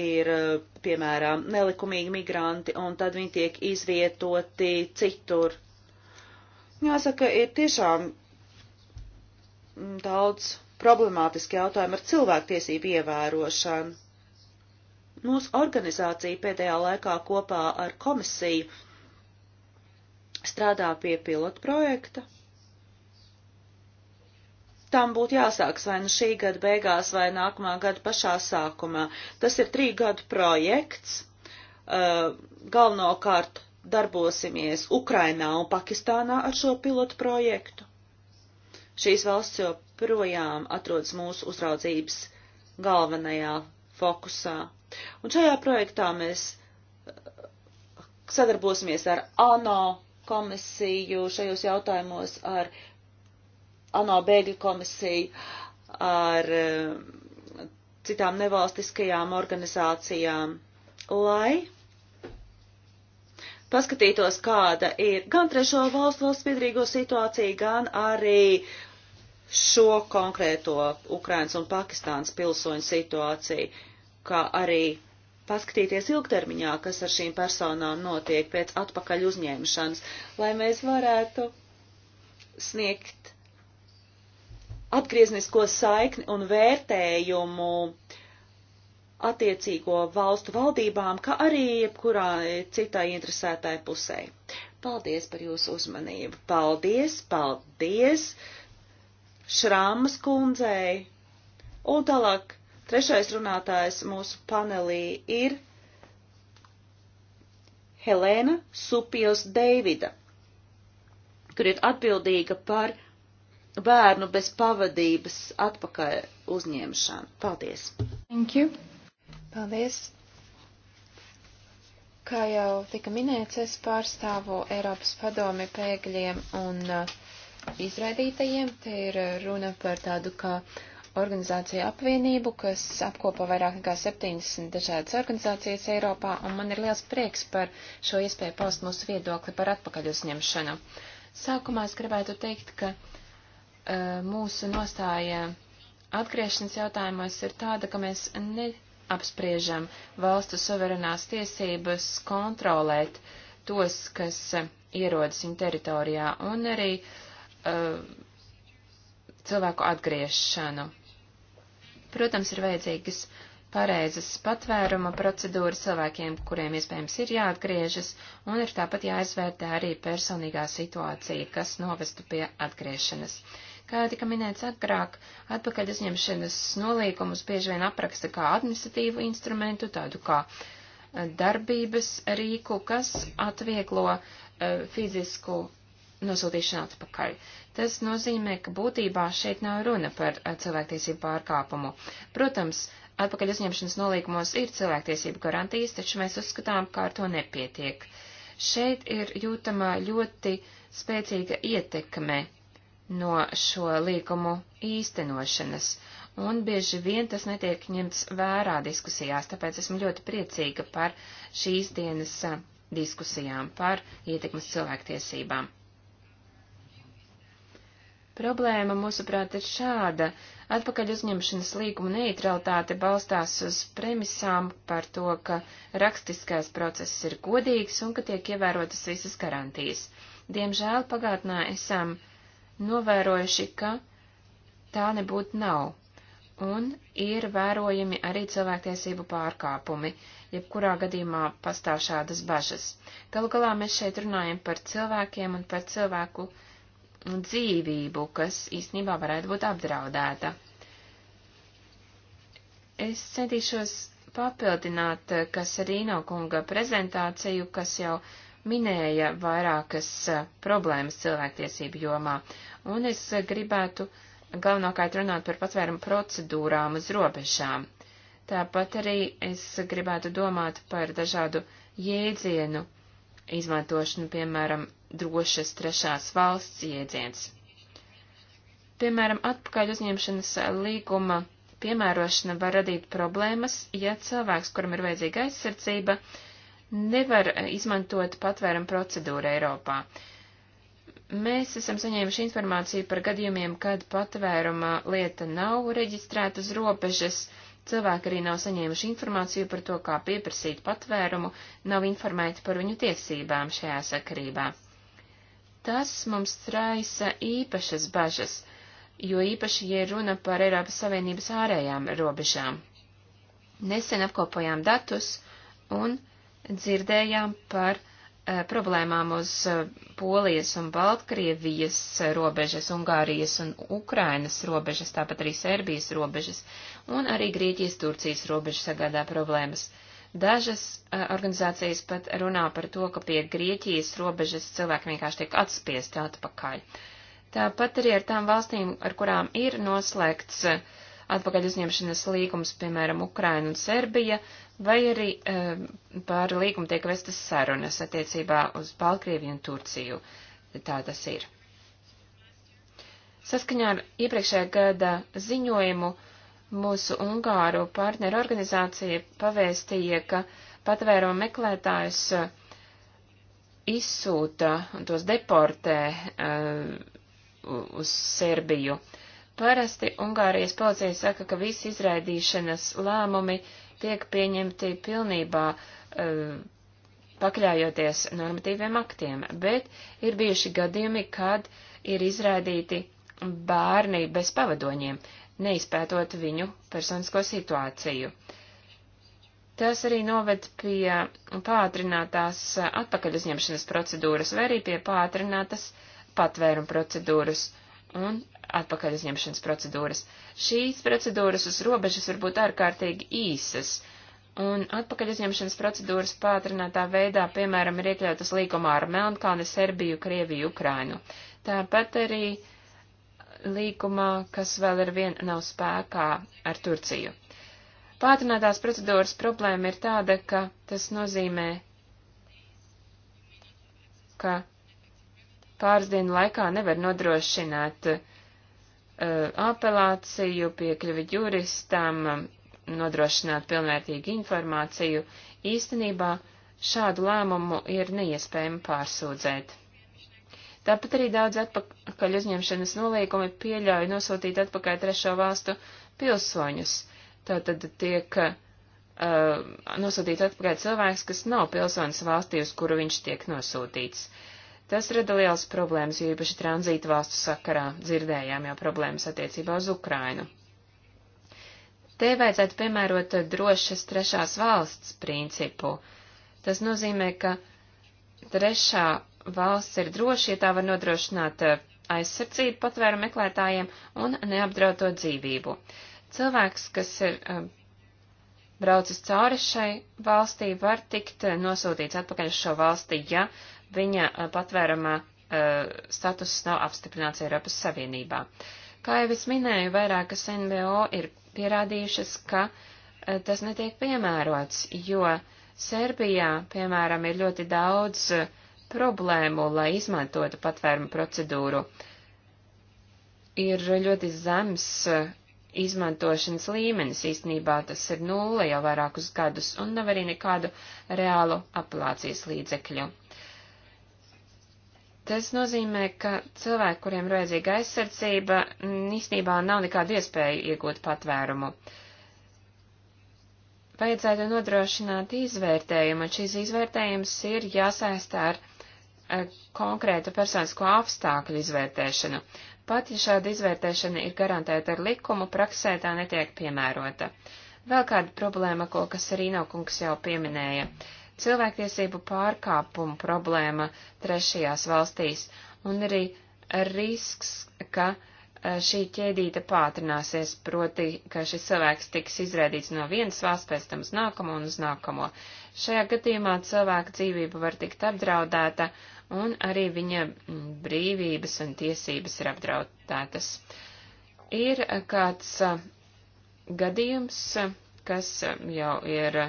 ir, e, piemēram, nelikumīgi migranti, un tad viņi tiek izvietoti citur. Jāsaka, ir tiešām daudz problemātiski jautājumi ar cilvēktiesību ievērošanu. Mūsu organizācija pēdējā laikā kopā ar komisiju strādā pie pilotprojekta. Tam būtu jāsāks vai nu šī gada beigās, vai nākamā gada pašā sākumā. Tas ir trīs gadu projekts. Uh, galvenokārt darbosimies Ukrainā un Pakistānā ar šo pilotu projektu. Šīs valsts joprojām atrodas mūsu uzraudzības galvenajā fokusā. Un šajā projektā mēs eh, sadarbosimies ar ANO komisiju šajos jautājumos, ar ANO bēgļu komisiju, ar eh, citām nevalstiskajām organizācijām, lai paskatītos, kāda ir gan trešo valstu valsts piedrīgo situācija, gan arī šo konkrēto Ukrainas un Pakistānas pilsoņu situāciju kā arī paskatīties ilgtermiņā, kas ar šīm personām notiek pēc atpakaļ uzņemšanas, lai mēs varētu sniegt atgrieznisko saikni un vērtējumu attiecīgo valstu valdībām, kā arī jebkurā citai interesētāji pusē. Paldies par jūsu uzmanību. Paldies, paldies Šrāmas kundzei. Un tālāk Trešais runātājs mūsu panelī ir Helēna Supijos Deivida, kur ir atbildīga par bērnu bez pavadības atpakaļ uzņemšanu. Paldies! Thank you! Paldies! Kā jau tika minēts, es pārstāvu Eiropas padomi pēkļiem un uh, izraidītajiem. Te ir uh, runa par tādu kā uh, organizāciju apvienību, kas apkopo vairāk nekā 70 dažādas organizācijas Eiropā, un man ir liels prieks par šo iespēju paust mūsu viedokli par atpakaļ uzņemšanu. Sākumā es gribētu teikt, ka uh, mūsu nostāja atgriešanas jautājumos ir tāda, ka mēs neapspriežam valstu suverenās tiesības kontrolēt tos, kas uh, ierodas viņa teritorijā, un arī uh, cilvēku atgriešanu. Protams, ir vajadzīgas pareizas patvēruma procedūras cilvēkiem, kuriem iespējams ir jāatgriežas, un ir tāpat jāizvērtē arī personīgā situācija, kas novestu pie atgriešanas. Kā jau tika minēts agrāk, atpakaļ uzņemšanas nolīkumus bieži vien apraksta kā administratīvu instrumentu, tādu kā eh, darbības rīku, kas atvieglo uh, fizisku nosūtīšana atpakaļ. Tas nozīmē, ka būtībā šeit nav runa par eh, cilvēktiesību pārkāpumu. Protams, atpakaļ uzņemšanas nolīgumos ir cilvēktiesību garantijas, taču mēs uzskatām, ka ar to nepietiek. Šeit ir jūtama ļoti spēcīga ietekme no šo līgumu īstenošanas, un bieži vien tas netiek ņemts vērā diskusijās, tāpēc esmu ļoti priecīga par šīs dienas eh, diskusijām par ietekmes cilvēktiesībām. Problēma, mūsuprāt, ir šāda. Atpakaļ uzņemšanas līguma neutralitāte balstās uz premisām par to, ka rakstiskais process ir godīgs un ka tiek ievērotas visas garantijas. Diemžēl pagātnē esam novērojuši, ka tā nebūtu nav, un ir vērojami arī cilvēktiesību pārkāpumi, jebkurā gadījumā pastāv šādas bažas. Galu galā mēs šeit runājam par cilvēkiem un par cilvēku dzīvību, kas īstenībā varētu būt apdraudēta. Es centīšos papildināt Kasarīno kunga prezentāciju, kas jau minēja vairākas eh, problēmas cilvēktiesību jomā, un es gribētu galvenokārt runāt par patvērumu procedūrām uz robežām. Tāpat arī es gribētu domāt par dažādu jēdzienu izmantošanu, piemēram, drošas trešās valsts iedziens. Piemēram, atpakaļ uzņemšanas līguma piemērošana var radīt problēmas, ja cilvēks, kuram ir vajadzīga aizsardzība, nevar izmantot patvērumu procedūru Eiropā. Mēs esam saņēmuši informāciju par gadījumiem, kad patvēruma lieta nav reģistrēta uz robežas, cilvēki arī nav saņēmuši informāciju par to, kā pieprasīt patvērumu, nav informēti par viņu tiesībām šajā sakarībā. Tas mums traisa īpašas bažas, jo īpaši, ja runa par Eiropas Savienības ārējām robežām. Nesen apkopojām datus un dzirdējām par uh, problēmām uz uh, Polijas un Baltkrievijas robežas, Ungārijas un Ukrainas robežas, tāpat arī Serbijas robežas, un arī Grieķijas Turcijas robežas sagādā problēmas. Uh, Dažas uh, organizācijas pat runā par to, ka pie Grieķijas robežas cilvēki vienkārši tiek atspiesti atpakaļ. Tāpat arī ar tām valstīm, ar kurām ir noslēgts uh, atpakaļ uzņemšanas līgums, piemēram, Ukraina un Serbija, vai arī uh, par līgumu tiek vestas sarunas attiecībā uz Baltkrieviju un Turciju. Tā tas ir. Saskaņā ar iepriekšējā gada ziņojumu uh, Mūsu Ungāru partneru organizācija pavēstīja, ka patvērumu meklētājus uh, izsūta un tos deportē uh, uz Serbiju. Parasti Ungārijas policija saka, ka visi izraidīšanas lēmumi tiek pieņemti pilnībā uh, pakļaujoties normatīviem aktiem, bet ir bijuši gadījumi, kad ir izraidīti bērni bez pavadoņiem neizpētot viņu personisko situāciju. Tas arī noved pie pātrinātās atpakaļ uzņemšanas procedūras vai arī pie pātrinātas patvērumu procedūras un atpakaļ uzņemšanas procedūras. Šīs procedūras uz robežas var būt ārkārtīgi īsas, un atpakaļ uzņemšanas procedūras pātrinātā veidā, piemēram, ir iekļautas līgumā ar Melnkalni, Serbiju, Krieviju, Ukrainu. Tāpat arī uh, līgumā, kas vēl ar vien nav spēkā ar Turciju. Pātrinātās procedūras problēma ir tāda, ka tas nozīmē, ka pāris dienu laikā nevar nodrošināt uh, apelāciju, piekļuvi juristam, nodrošināt pilnvērtīgu informāciju. Īstenībā šādu lēmumu ir neiespējami pārsūdzēt. Tāpat arī daudz atpakaļ uzņemšanas nolīgumi pieļauj nosūtīt atpakaļ trešo valstu pilsoņus. Tātad tiek uh, nosūtīts atpakaļ cilvēks, kas nav pilsonis valstī, uz kuru viņš tiek nosūtīts. Tas rada liels problēmas, jo īpaši tranzīta valstu sakarā dzirdējām jau problēmas attiecībā uz Ukrainu. Te vajadzētu piemērot drošas trešās valsts principu. Tas nozīmē, ka trešā valsts ir droši, ja tā var nodrošināt eh, aizsardzību patvēru meklētājiem un neapdrauto dzīvību. Cilvēks, kas ir eh, braucis cauri šai valstī, var tikt eh, nosūtīts atpakaļ uz šo valsti, ja viņa patvēramā status nav apstiprināts Eiropas Savienībā. Kā jau es minēju, vairākas NVO ir pierādījušas, ka tas netiek piemērots, jo Serbijā, piemēram, ir ļoti daudz uh, problēmu, lai izmantotu patvērumu procedūru. Ir ļoti zems eh, izmantošanas līmenis, īstenībā tas ir nulle jau vairākus gadus, un nav arī nekādu reālu apelācijas līdzekļu. Tas nozīmē, ka cilvēki, kuriem ir vajadzīga aizsardzība, īstenībā nav nekādu iespēju iegūt patvērumu. Vajadzētu nodrošināt izvērtējumu, un šīs izvērtējums ir jāsaistā ar Eh, konkrētu personisko apstākļu izvērtēšanu. Pat ja šāda izvērtēšana ir garantēta ar likumu, praksē tā netiek piemērota. Vēl kāda problēma, ko Kasarīno kungs jau pieminēja - cilvēktiesību pārkāpumu problēma trešajās valstīs un arī risks, ka eh, šī ķēdīte pātrināsies, proti, ka šis cilvēks tiks izrēdīts no vienas valsts, pēc tam uz nākamo un uz nākamo. Uh, Šajā gadījumā cilvēka dzīvība var tikt apdraudēta, un arī viņa brīvības un tiesības ir apdraudētas. Ir kāds gadījums, kas jau ir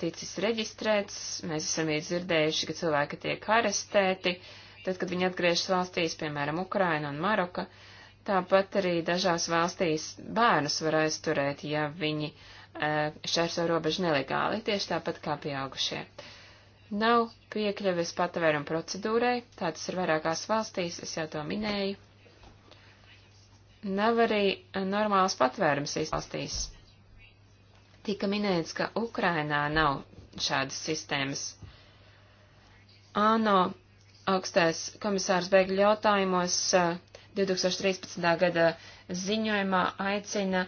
ticis reģistrēts, mēs esam iedzirdējuši, ka cilvēki tiek arestēti, tad, kad viņi atgriežas valstīs, piemēram, Ukraina un Maroka, tāpat arī dažās valstīs bērnus var aizturēt, ja viņi uh, Eh, šķērso robežu nelegāli, tieši tāpat kā pieaugušie. Nav piekļuvis patvērumu procedūrai, tā tas ir vairākās valstīs, es jau to minēju. Nav arī eh, normāls patvērums valstīs. Tika minēts, ka Ukrainā nav šādas sistēmas. ANO augstais komisārs bēgļu jautājumos eh, 2013. gada ziņojumā aicina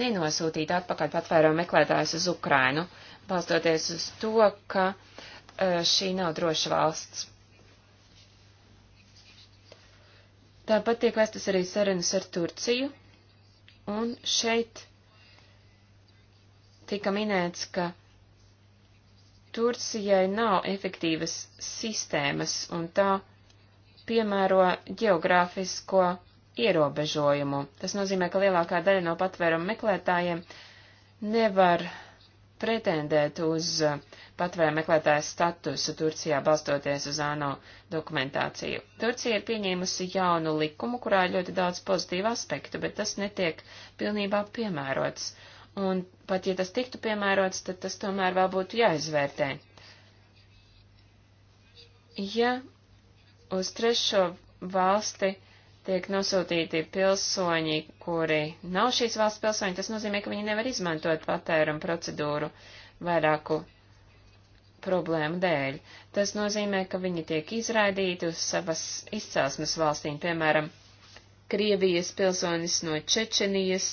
nenosūtīt atpakaļ patvērumu meklētājus uz Ukrainu, balstoties uz to, ka e, šī nav droša valsts. Tāpat tiek vestas arī sarunas ar Turciju, un šeit tika minēts, ka Turcijai nav efektīvas sistēmas, un tā piemēro geogrāfisko ierobežojumu. Tas nozīmē, ka lielākā daļa no patvērumu meklētājiem nevar pretendēt uz uh, patvērumu meklētāju statusu Turcijā balstoties uz ANO dokumentāciju. Turcija ir pieņēmusi jaunu likumu, kurā ir ļoti daudz pozitīvu aspektu, bet tas netiek pilnībā piemērots. Un pat ja tas tiktu piemērots, tad tas tomēr vēl būtu jāizvērtē. Ja uz trešo valsti tiek nosūtīti pilsoņi, kuri nav šīs valsts pilsoņi, tas nozīmē, ka viņi nevar izmantot patērumu procedūru vairāku problēmu dēļ. Tas nozīmē, ka viņi tiek izraidīti uz savas izcelsmes valstīm, piemēram, Krievijas pilsonis no Čečenijas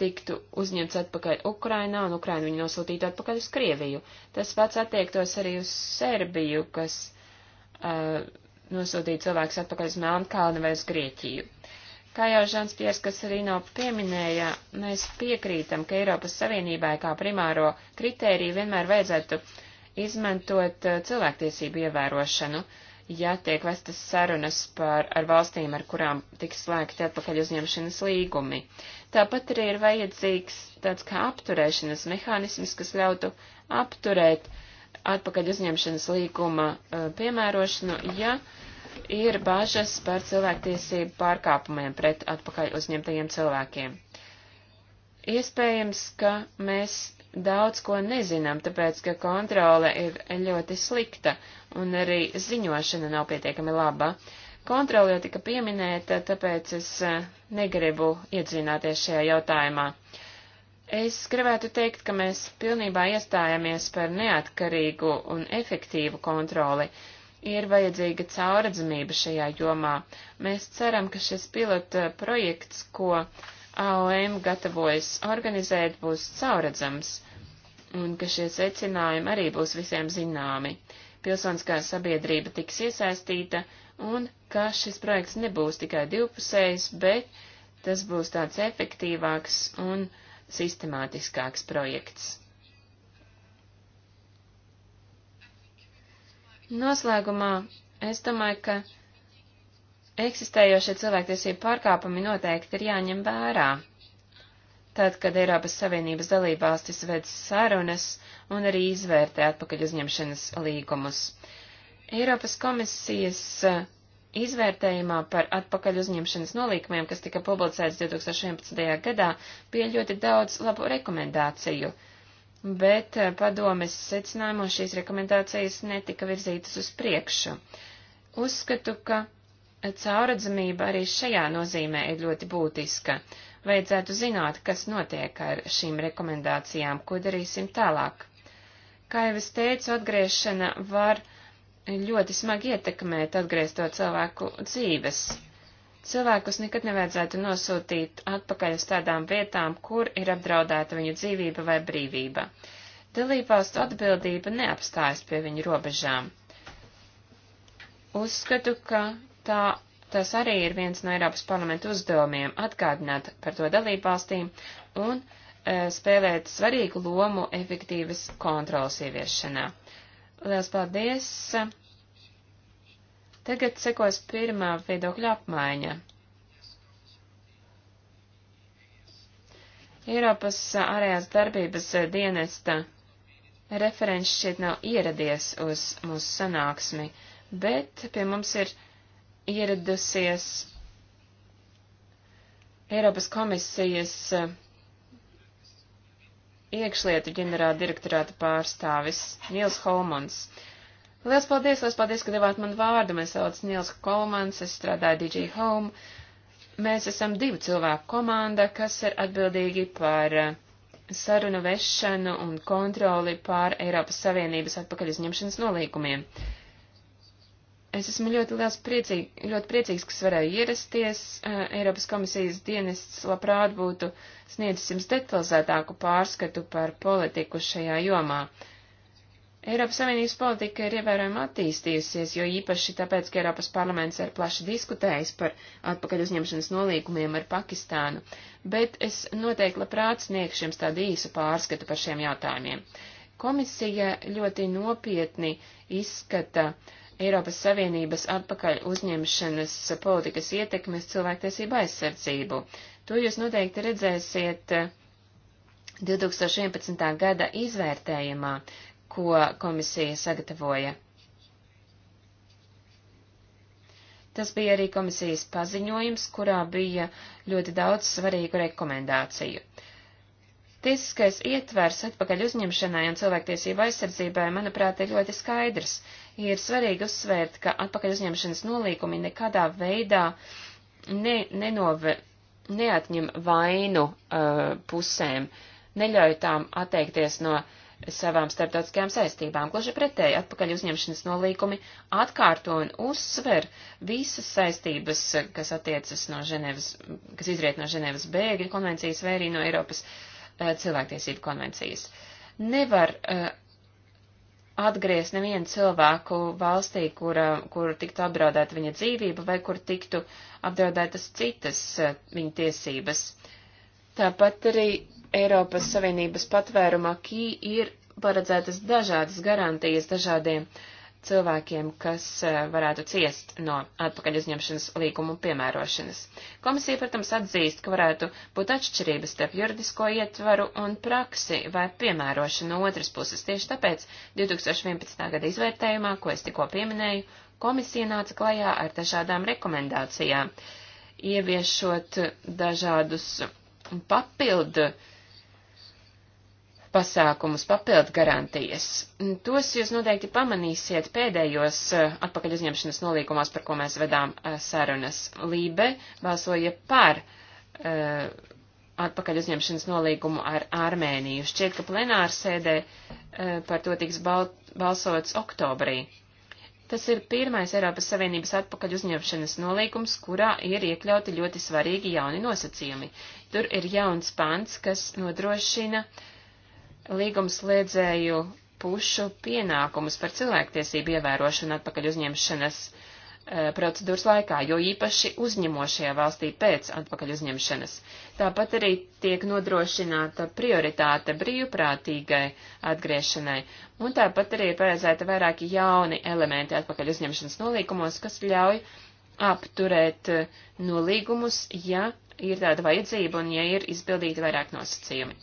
tiktu uzņemts atpakaļ Ukrainā, un Ukraina viņu nosūtītu atpakaļ uz Krieviju. Tas pats attiektos arī uz Serbiju, kas uh, nosūtīt cilvēkus atpakaļ uz Melnkalni vai uz Grieķiju. Kā jau Žants Piers, kas arī nav pieminēja, mēs piekrītam, ka Eiropas Savienībai kā primāro kritēriju vienmēr vajadzētu izmantot uh, cilvēktiesību ievērošanu, ja tiek vestas sarunas par, ar valstīm, ar kurām tiks slēgti atpakaļ uzņemšanas līgumi. Tāpat arī ir vajadzīgs tāds kā apturēšanas mehānisms, kas ļautu apturēt uh, atpakaļ uzņemšanas līguma e, piemērošanu, ja ir bažas par cilvēktiesību pārkāpumiem pret atpakaļ uzņemtajiem cilvēkiem. Iespējams, ka mēs daudz ko nezinām, tāpēc, ka kontrole ir ļoti slikta un arī ziņošana nav pietiekami laba. Kontrole jau tika pieminēta, tāpēc es e, negribu iedzināties šajā jautājumā. Uh, Es gribētu teikt, ka mēs pilnībā iestājamies par neatkarīgu un efektīvu kontroli. Ir vajadzīga cauradzamība šajā jomā. Mēs ceram, ka šis pilota projekts, ko AOM gatavojas organizēt, būs cauradzams un ka šie secinājumi arī būs visiem zināmi. Pilsoniskā sabiedrība tiks iesaistīta un ka šis projekts nebūs tikai divpusējs, bet tas būs tāds efektīvāks un uh, sistemātiskāks projekts. Noslēgumā es domāju, ka eksistējošie cilvēktiesību pārkāpumi noteikti ir jāņem vērā. Tad, kad Eiropas Savienības dalībvalstis ved sarunas un arī izvērtē atpakaļ uzņemšanas līgumus. Eiropas komisijas uh, Izvērtējumā par atpakaļ uzņemšanas nolīkumiem, kas tika publicēts 2011. gadā, bija ļoti daudz labu rekomendāciju, bet eh, padomes secinājumos šīs rekomendācijas netika virzītas uz priekšu. Uzskatu, ka cauradzamība arī šajā nozīmē ir ļoti būtiska. Vajadzētu zināt, kas notiek ar šīm rekomendācijām, ko darīsim tālāk. Kā jau es teicu, atgriešana var ļoti smagi ietekmēt atgriezto cilvēku dzīves. Cilvēkus nekad nevajadzētu nosūtīt atpakaļ uz tādām vietām, kur ir apdraudēta viņu dzīvība vai brīvība. Dalībvalstu atbildība neapstājas pie viņu robežām. Uzskatu, ka tā, tas arī ir viens no Eiropas parlamenta uzdevumiem - atgādināt par to dalībvalstīm un e, spēlēt svarīgu lomu efektīvas kontrolas ieviešanā. Lielas paldies! Tagad sekos pirmā viedokļa apmaiņa. Eiropas ārējās darbības dienesta referents šķiet nav ieradies uz mūsu sanāksmi, bet pie mums ir ieradusies Eiropas komisijas iekšlietu ģenerāla direktorāta pārstāvis Nils Holmans. Liels paldies, liels paldies, ka devāt man vārdu. Mēs sauc Nils Holmans, es strādāju DJ Home. Mēs esam divu cilvēku komanda, kas ir atbildīgi par eh, sarunu vešanu un kontroli pār Eiropas Savienības atpakaļ uzņemšanas nolīgumiem. Es esmu ļoti liels priecīgi, ļoti priecīgs, kas varēju ierasties. Eh, Eiropas komisijas dienests labprāt būtu sniedzis jums detalizētāku pārskatu par politiku šajā jomā. Eiropas Savienības politika ir ievērojami attīstījusies, jo īpaši tāpēc, ka Eiropas parlaments ir plaši diskutējis par atpakaļ uzņemšanas nolīgumiem ar Pakistānu, bet es noteikti labprāt sniegšu jums tādu īsu pārskatu par šiem jautājumiem. Komisija ļoti nopietni izskata uh, Eiropas Savienības atpakaļ uzņemšanas politikas ietekmes cilvēktiesību aizsardzību. To jūs noteikti redzēsiet 2011. Eh, gada izvērtējumā, ko komisija sagatavoja. Tas bija arī komisijas paziņojums, kurā bija ļoti daudz svarīgu rekomendāciju. Tiesiskais ietvers atpakaļ uzņemšanai un cilvēktiesību aizsardzībai, manuprāt, ir ļoti skaidrs ir svarīgi uzsvērt, ka atpakaļ uzņemšanas nolīgumi nekādā veidā ne, nenove, neatņem vainu uh, pusēm, neļauj tām atteikties no savām starptautiskajām saistībām. Gluži pretēji, atpakaļ uzņemšanas nolīgumi atkārto un uzsver visas saistības, kas attiecas no Ženevas, kas izriet no Ženevas bēgļu konvencijas vai arī no Eiropas uh, cilvēktiesību konvencijas. Nevar uh, atgriezt nevienu cilvēku valstī, kura, kur tiktu apdraudēta viņa dzīvība vai kur tiktu apdraudētas citas eh, viņa tiesības. Tāpat arī Eiropas Savienības patvērumā kī ir paredzētas dažādas garantijas dažādiem uh, cilvēkiem, kas e, varētu ciest no atpakaļ uzņemšanas līgumu piemērošanas. Komisija, protams, atzīst, ka varētu būt atšķirības starp juridisko ietvaru un praksi vai piemērošanu no otras puses. Tieši tāpēc 2011. gada izvērtējumā, ko es tikko pieminēju, komisija nāca klajā ar dažādām rekomendācijām, ieviešot dažādus papildu uh, pasākumus, papildu garantijas. Tos jūs noteikti pamanīsiet pēdējos eh, atpakaļ uzņemšanas nolīgumos, par ko mēs vedām eh, sarunas. Lībe balsoja par uh, atpakaļ uzņemšanas nolīgumu ar Armēniju. Šķiet, ka plenāra sēdē uh, par to tiks bal balsots oktobrī. Tas ir pirmais Eiropas Savienības atpakaļ uzņemšanas nolīgums, kurā ir iekļauti ļoti svarīgi jauni nosacījumi. Tur ir jauns pants, kas nodrošina uh, līgumslēdzēju pušu pienākumus par cilvēktiesību ievērošanu atpakaļ uzņemšanas e, procedūras laikā, jo īpaši uzņemošajā valstī pēc atpakaļ uzņemšanas. Tāpat arī tiek nodrošināta prioritāte brīvprātīgai atgriešanai, un tāpat arī ir paredzēta vairāki jauni elementi atpakaļ uzņemšanas nolīgumos, kas ļauj apturēt e, nolīgumus, ja ir tāda vajadzība un ja ir izpildīti vairāk nosacījumi.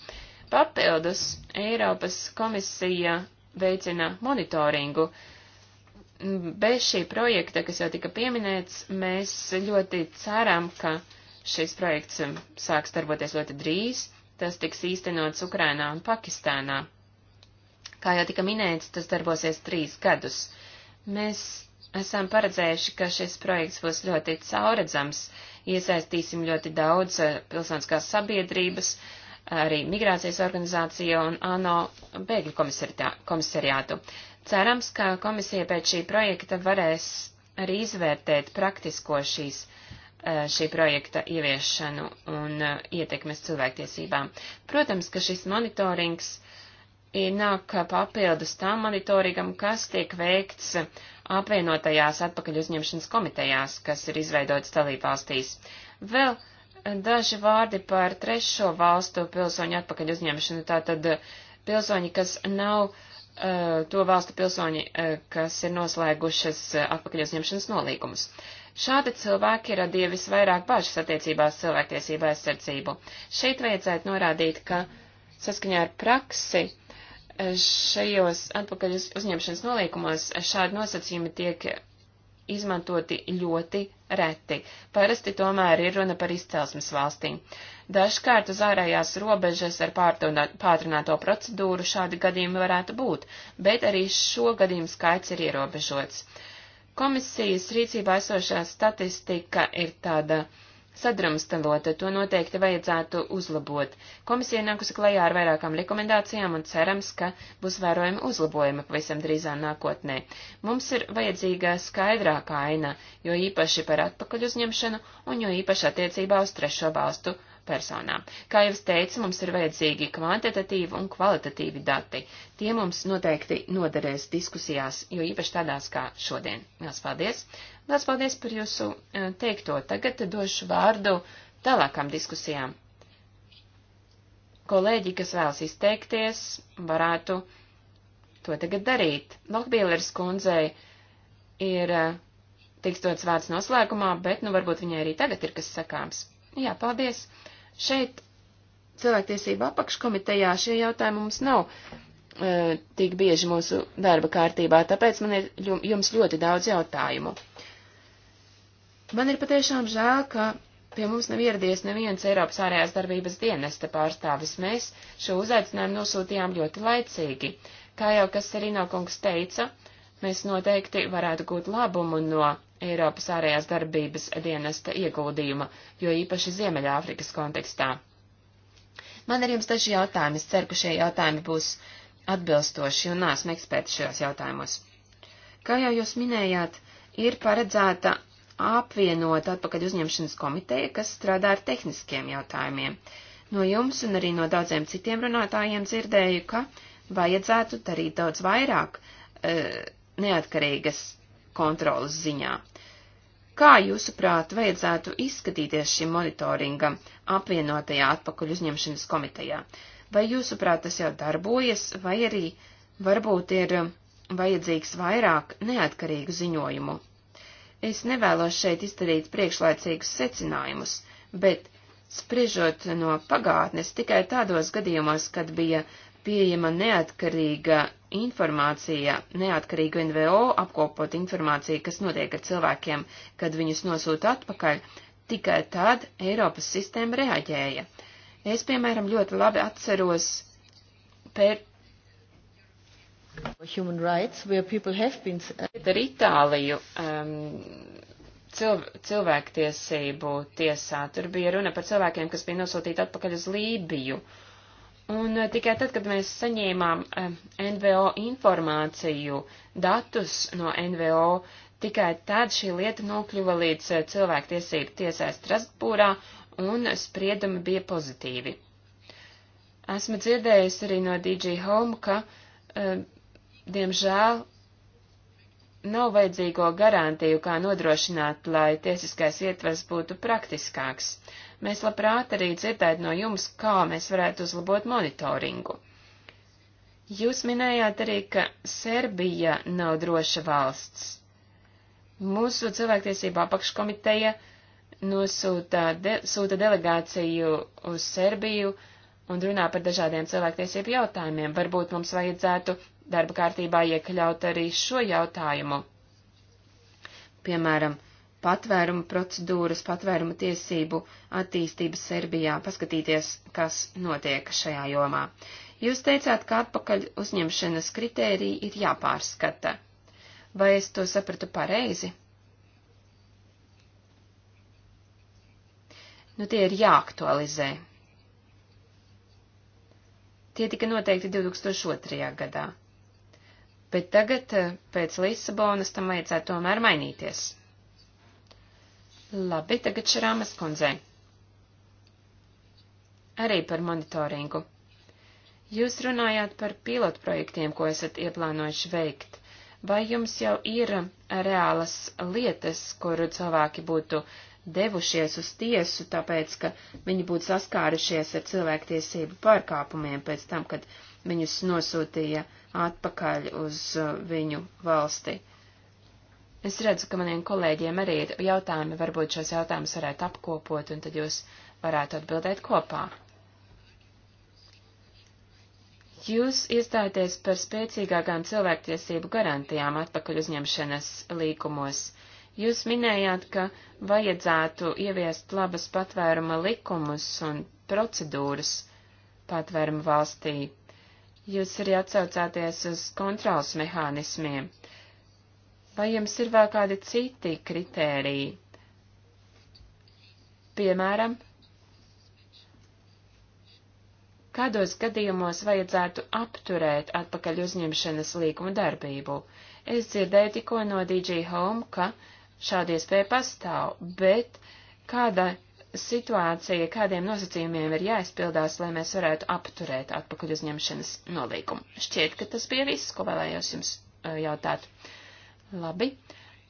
Papildus Eiropas komisija veicina monitoringu. Bez šī projekta, kas jau tika pieminēts, mēs ļoti ceram, ka šis projekts sāks darboties ļoti drīz. Tas tiks īstenots Ukrainā un Pakistānā. Kā jau tika minēts, tas darbosies trīs gadus. Mēs esam paredzējuši, ka šis projekts būs ļoti cauredzams, iesaistīsim ļoti daudz eh, pilsoniskās sabiedrības, uh, arī migrācijas organizāciju un ANO bēgļu komisariātu. Cerams, ka komisija pēc šī projekta varēs arī izvērtēt praktisko šīs, eh, šī projekta ieviešanu un eh, ietekmes cilvēktiesībām. Protams, ka šis monitorings nāk papildus tam monitoringam, kas tiek veikts apvienotajās atpakaļ uzņemšanas komitejās, kas ir izveidotas dalībvalstīs. Vēl daži vārdi par trešo valstu pilsoņu atpakaļ uzņemšanu. Tātad eh, pilsoņi, kas nav uh, to valstu pilsoņi, uh, kas ir noslēgušas uh, atpakaļ uzņemšanas nolīgumus. Šādi cilvēki radīja visvairāk bažas attiecībās cilvēktiesība aizsardzību. Šeit vajadzētu norādīt, ka saskaņā ar praksi šajos atpakaļ uzņemšanas nolīkumos šādi nosacījumi tiek izmantoti ļoti reti. Parasti tomēr ir runa par izcelsmes valstīm. Dažkārt uz ārējās robežas ar pātrināto procedūru šādi gadījumi varētu būt, bet arī šo gadījumu skaits ir ierobežots. Komisijas rīcībā esošā statistika ir tāda uh, sadrumstalota, to noteikti vajadzētu uzlabot. Komisija nākusi klajā ar vairākām rekomendācijām un cerams, ka būs vērojami uzlabojumi pavisam drīzā nākotnē. Mums ir vajadzīga skaidrāka aina, jo īpaši par atpakaļ uzņemšanu un jo īpaši attiecībā uz trešo valstu personām. Kā jau es teicu, mums ir vajadzīgi kvantitatīvi un kvalitatīvi dati. Tie mums noteikti noderēs diskusijās, jo īpaši tādās kā šodien. Lielas paldies! Lielas paldies par jūsu e, teikto. Tagad došu vārdu tālākām diskusijām. Kolēģi, kas vēlas izteikties, varētu to tagad darīt. Lokbīlers kundzei ir e, tiks dots vārds noslēgumā, bet nu varbūt viņai arī tagad ir kas sakāms. Jā, paldies! Šeit cilvēktiesība apakškomitejā šie jautājumi mums nav e, tik bieži mūsu darba kārtībā, tāpēc man ir jums ļoti daudz jautājumu. Man ir patiešām žēl, ka pie mums nav ieradies neviens Eiropas ārējās darbības dienesta pārstāvis. Mēs šo uzaicinājumu nosūtījām ļoti laicīgi. Kā jau kas arī nav kungs teica, Mēs noteikti varētu gūt labumu no Eiropas ārējās darbības dienesta ieguldījuma, jo īpaši Ziemeļāfrikas kontekstā. Man ir jums taču jautājumi, es ceru, ka šie jautājumi būs atbilstoši un esmu eksperti šajos jautājumos. Kā jau jūs minējāt, ir paredzēta apvienot atpakaļ uzņemšanas komiteja, kas strādā ar tehniskiem jautājumiem. No jums un arī no daudziem citiem runātājiem dzirdēju, ka vajadzētu darīt daudz vairāk, e, neatkarīgas kontrolas ziņā. Kā jūsuprāt vajadzētu izskatīties šim monitoringam apvienotajā atpakaļ uzņemšanas komitejā? Vai jūsuprāt tas jau darbojas, vai arī varbūt ir um, vajadzīgs vairāk neatkarīgu ziņojumu? Es nevēlos šeit izdarīt priekšlaicīgus secinājumus, bet spriežot no pagātnes tikai tādos gadījumos, kad bija pieejama neatkarīga informācija, neatkarīgu NVO apkopot informāciju, kas notiek ar cilvēkiem, kad viņus nosūta atpakaļ, tikai tad Eiropas sistēma reaģēja. Es, piemēram, ļoti labi atceros per. Human rights, where people have been. Ar Itāliju um, cilv cilvēktiesību tiesā tur bija runa par cilvēkiem, kas bija nosūtīti atpakaļ uz Lībiju. Uh, Un eh, tikai tad, kad mēs saņēmām eh, NVO informāciju, datus no NVO, tikai tad šī lieta nokļuva līdz eh, cilvēktiesību tiesai Strasbūrā un spriedumi bija pozitīvi. Esmu dzirdējusi arī no DJ Home, ka, diemžēl, nav vajadzīgo garantiju, kā nodrošināt, lai tiesiskais ietvers būtu praktiskāks. Uh, Mēs labprāt arī dzirdētu no jums, kā mēs varētu uzlabot monitoringu. Jūs minējāt arī, ka Serbija nav droša valsts. Mūsu cilvēktiesība apakškomiteja nosūta de, sūta delegāciju uz Serbiju un runā par dažādiem cilvēktiesību jautājumiem. Varbūt mums vajadzētu darba kārtībā iekļaut arī šo jautājumu. Piemēram, patvērumu procedūras, patvērumu tiesību attīstības Serbijā, paskatīties, kas notiek šajā jomā. Jūs teicāt, ka atpakaļ uzņemšanas kritēriji ir jāpārskata. Vai es to sapratu pareizi? Nu, tie ir jāaktualizē. Tie tika noteikti 2002. gadā. Bet tagad, eh, pēc Lisabonas, tam vajadzētu tomēr mainīties. Labi, tagad Šrāmas kundzei. Arī par monitoringu. Jūs runājāt par pilotprojektiem, ko esat ieplānojuši veikt. Vai jums jau ir reālas lietas, kuru cilvēki būtu devušies uz tiesu, tāpēc, ka viņi būtu saskārušies ar cilvēktiesību pārkāpumiem pēc tam, kad viņus nosūtīja atpakaļ uz uh, viņu valsti? Es redzu, ka maniem kolēģiem arī ir jautājumi, varbūt šos jautājumus varētu apkopot, un tad jūs varētu atbildēt kopā. Jūs iestāties par spēcīgākām cilvēktiesību garantijām atpakaļ uzņemšanas līkumos. Jūs minējāt, ka vajadzētu ieviest labas patvēruma likumus un procedūras patvēruma valstī. Jūs arī atsaucāties uz kontrols mehānismiem. Vai jums ir vēl kādi citi kritēriji? Piemēram, kādos gadījumos vajadzētu apturēt atpakaļ uzņemšanas līguma darbību? Es dzirdēju tikko no DJ Home, ka šāda iespēja pastāv, bet kāda situācija, kādiem nosacījumiem ir jāizpildās, lai mēs varētu apturēt atpakaļ uzņemšanas nolīgumu? Šķiet, ka tas bija viss, ko vēlējos jums eh, jautāt. Uh, Labi.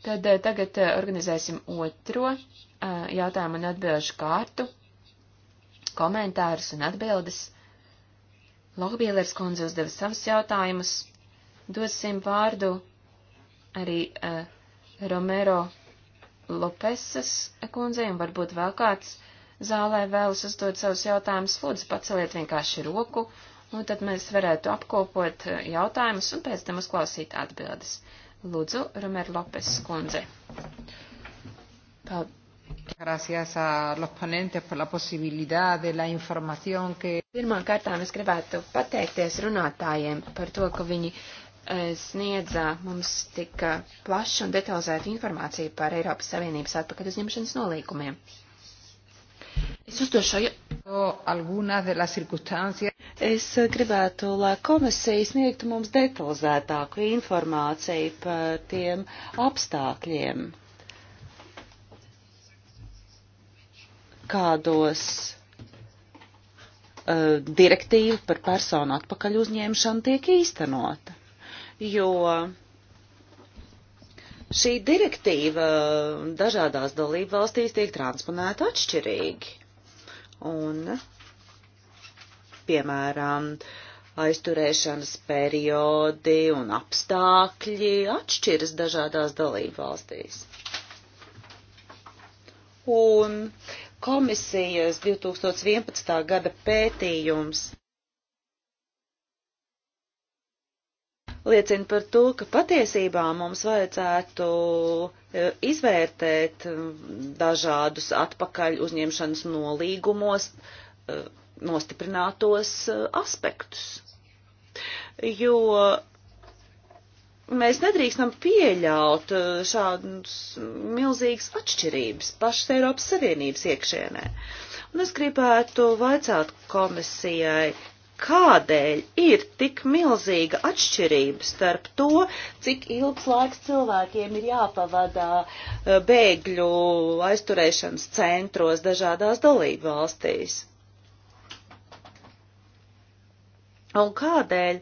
Tad eh, tagad eh, organizēsim otro eh, jautājumu un atbilžu kārtu, komentārus un atbildes. Lohbīlers kundze uzdeva savus jautājumus. Dosim vārdu arī uh, Romero Lopesas kundzei un varbūt vēl kāds zālē vēlas uzdot savus jautājumus. Lūdzu, paceliet vienkārši roku, un tad mēs varētu apkopot jautājumus un pēc tam uzklausīt atbildes. Lūdzu, Romer Lopes skundze. Paldies. Gracias a los ponentes por la posibilidad de la información que. Pirmkārt, es gribētu pateikties runātājiem par to, ka viņi eh, sniedza mums tik eh, plašu un detalizētu informāciju par Eiropas Savienības atpakaļ uzņemšanas nolīkumiem. Es uzdošu Es gribētu, lai komisija sniegtu mums detalizētāku informāciju par tiem apstākļiem, kādos uh, direktīva par personu atpakaļ uzņemšanu tiek īstenota. Jo šī direktīva dažādās dalību valstīs tiek transponēta atšķirīgi un, piemēram, aizturēšanas periodi un apstākļi atšķiras dažādās dalību valstīs. Un komisijas 2011. gada pētījums liecina par to, ka patiesībā mums vajadzētu e, izvērtēt e, dažādus atpakaļ uzņemšanas nolīgumos e, nostiprinātos aspektus. Jo mēs nedrīkstam pieļaut šādas milzīgas atšķirības pašas Eiropas Savienības iekšienē. Un es gribētu vaicāt komisijai, kādēļ ir tik milzīga atšķirība starp to, cik ilgs laiks cilvēkiem ir jāpavadā eh, bēgļu aizturēšanas centros dažādās dalību valstīs. Un kādēļ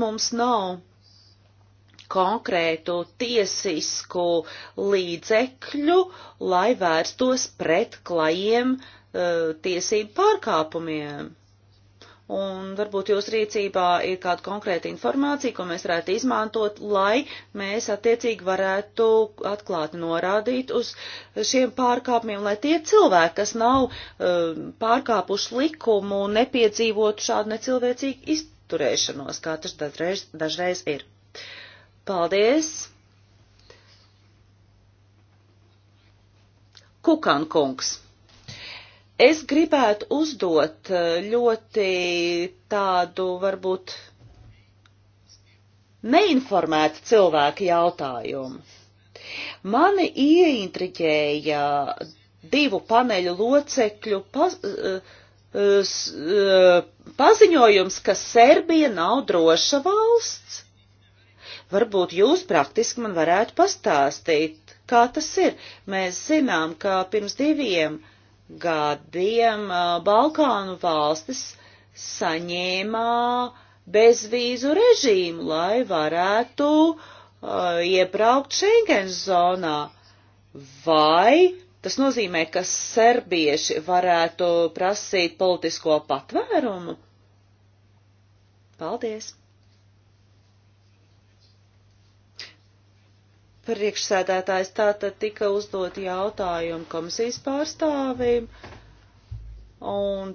mums nav konkrētu tiesisku līdzekļu, lai vērstos pret klajiem uh, tiesību pārkāpumiem? un varbūt jūs rīcībā ir kāda konkrēta informācija, ko mēs varētu izmantot, lai mēs attiecīgi varētu atklāti norādīt uz šiem pārkāpumiem, lai tie cilvēki, kas nav uh, pārkāpuši likumu, nepiedzīvotu šādu necilvēcīgu izturēšanos, kā tas dažreiz, dažreiz ir. Paldies! Kukankungs! Es gribētu uzdot eh, ļoti tādu varbūt neinformētu cilvēku jautājumu. Mani ieintriģēja divu paneļu locekļu paz, eh, eh, paziņojums, ka Serbija nav droša valsts. Varbūt jūs praktiski man varētu pastāstīt, kā tas ir. Mēs zinām, ka pirms diviem uh, gadiem Balkānu valstis saņēmā bezvīzu režīmu, lai varētu uh, iebraukt Schengen zonā. Vai tas nozīmē, ka serbieši varētu prasīt politisko patvērumu? Paldies! Priekšsēdētājs tātad tika uzdot jautājumu komisijas pārstāvim, un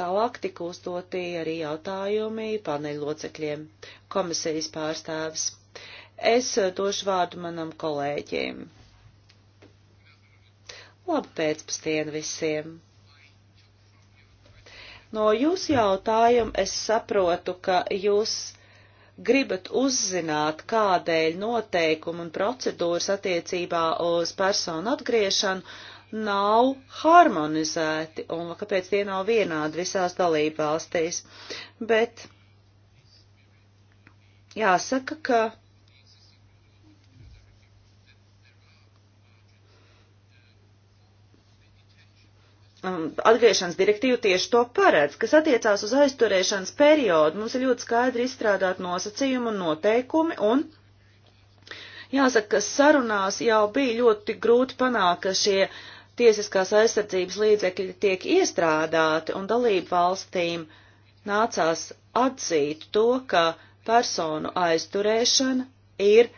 tālāk tika uzdoti arī jautājumi paneļlocekļiem komisijas pārstāvis. Es došu vārdu manam kolēģiem. Labu pēcpusdienu visiem! No jūsu jautājuma es saprotu, ka jūs gribat uzzināt, kādēļ noteikumi un procedūras attiecībā uz personu atgriešanu nav harmonizēti un kāpēc tie nav vienādi visās dalībvalstīs. Bet jāsaka, ka Um, atgriešanas direktīva tieši to paredz, kas attiecās uz aizturēšanas periodu. Mums ir ļoti skaidri izstrādāt nosacījumi un noteikumi, un jāsaka, ka sarunās jau bija ļoti grūti panākt, ka šie tiesiskās aizsardzības līdzekļi tiek iestrādāti, un dalību valstīm nācās atzīt to, ka personu aizturēšana ir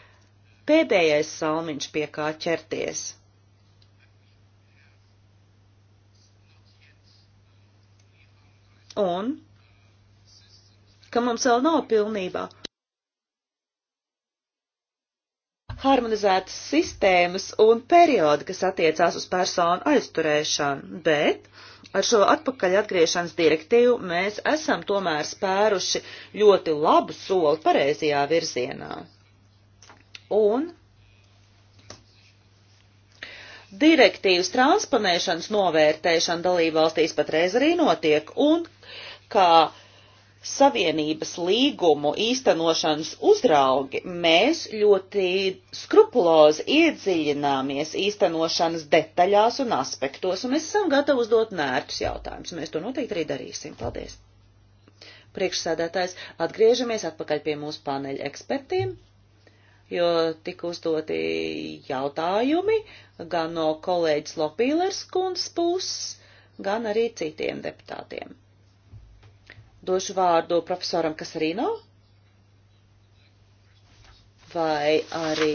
pēdējais salmiņš, pie kā ķerties. un ka mums vēl nav pilnībā harmonizētas sistēmas un periodi, kas attiecās uz personu aizturēšanu, bet ar šo atpakaļ atgriešanas direktīvu mēs esam tomēr spēruši ļoti labu soli pareizajā virzienā. Un direktīvas transponēšanas novērtēšana dalībvalstīs patreiz arī notiek, un kā Savienības līgumu īstenošanas uzraugi mēs ļoti skrupulozi iedziļināmies īstenošanas detaļās un aspektos, un mēs esam gatavi uzdot nērtus jautājumus. Mēs to noteikti arī darīsim. Paldies! Priekšsēdētājs, atgriežamies atpakaļ pie mūsu paneļa ekspertiem jo tika uzdoti jautājumi gan no kolēģis Lopīlers kundzes puses, gan arī citiem deputātiem. Došu vārdu profesoram Kasarino vai arī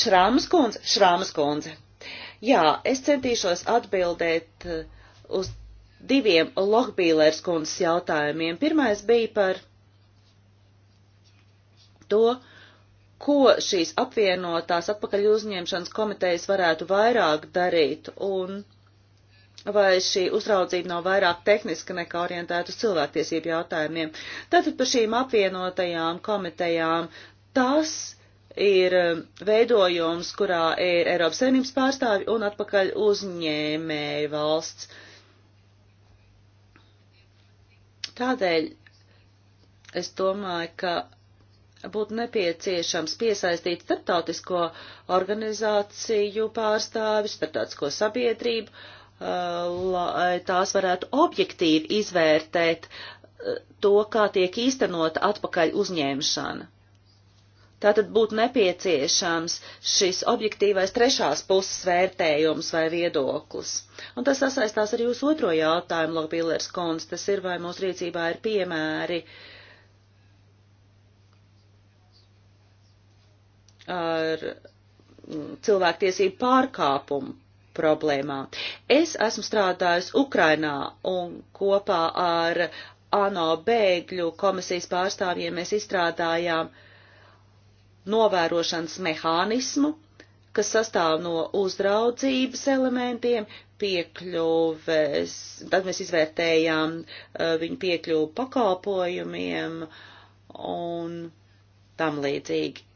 Šrāmas kundze. Šrāmas kundze. Jā, es centīšos atbildēt uh, uz diviem Lohbīlērs kundzes jautājumiem. Pirmais bija par to, ko šīs apvienotās atpakaļ uzņemšanas komitejas varētu vairāk darīt un vai šī uzraudzība nav vairāk tehniska nekā orientēta uz cilvēktiesību jautājumiem. Tātad par šīm apvienotajām komitejām tas ir um, veidojums, kurā ir Eiropas Savienības pārstāvi un atpakaļ uzņēmēju valsts. Tādēļ es domāju, ka būtu nepieciešams piesaistīt starptautisko organizāciju pārstāvis, starptautisko sabiedrību, uh, lai tās varētu objektīvi izvērtēt uh, to, kā tiek īstenota atpakaļ uzņemšana. Tātad būtu nepieciešams šis objektīvais trešās puses vērtējums vai viedoklis. Un tas sasaistās ar jūsu otro jautājumu, Lokbīlers Kons, tas ir, vai mūsu rīcībā ir piemēri uh, ar mm, cilvēktiesību pārkāpumu problēmām. Es esmu strādājusi Ukrainā un kopā ar ANO bēgļu komisijas pārstāvjiem mēs izstrādājām novērošanas mehānismu, kas sastāv no uzraudzības elementiem, piekļuves, tad mēs izvērtējām eh, viņu piekļuvu pakalpojumiem un tam līdzīgi.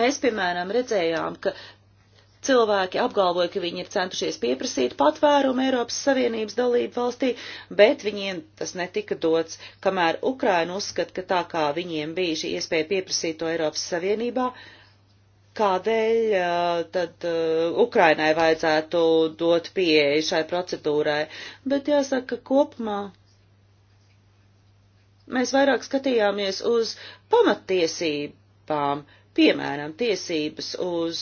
Mēs, piemēram, redzējām, ka cilvēki apgalvoja, ka viņi ir centušies pieprasīt patvērumu Eiropas Savienības dalību valstī, bet viņiem tas netika dots, kamēr Ukraina uzskata, ka tā kā viņiem bija šī iespēja pieprasīt to Eiropas Savienībā, kādēļ tad uh, Ukrainai vajadzētu dot pieeju šai procedūrai. Bet jāsaka, kopumā mēs vairāk skatījāmies uz pamattiesībām Piemēram, tiesības uz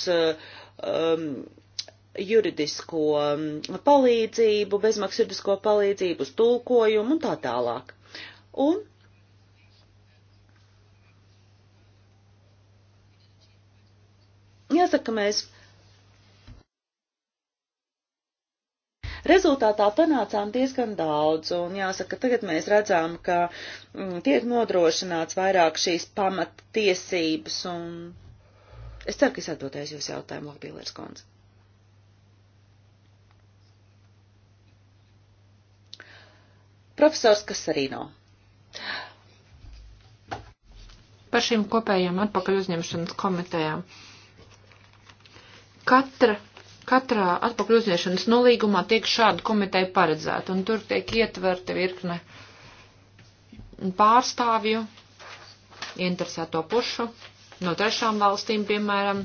um, juridisko um, palīdzību, bezmaksas juridisko palīdzību, uz tulkojumu un tā tālāk. Un jāsaka, mēs Rezultātā panācām diezgan daudz, un jāsaka, tagad mēs redzam, ka mm, tiek nodrošināts vairāk šīs pamattiesības, un es ceru, ka es atbildēšu jūsu jautājumu, Lokbīlērs Kons. Profesors Kasarino. Par šīm kopējām atpakaļ uzņemšanas komitejām. Katra Katrā atpakaļ uzņemšanas nolīgumā tiek šāda komiteja paredzēta, un tur tiek ietverta virkne pārstāvju, interesēto pušu, no trešām valstīm, piemēram,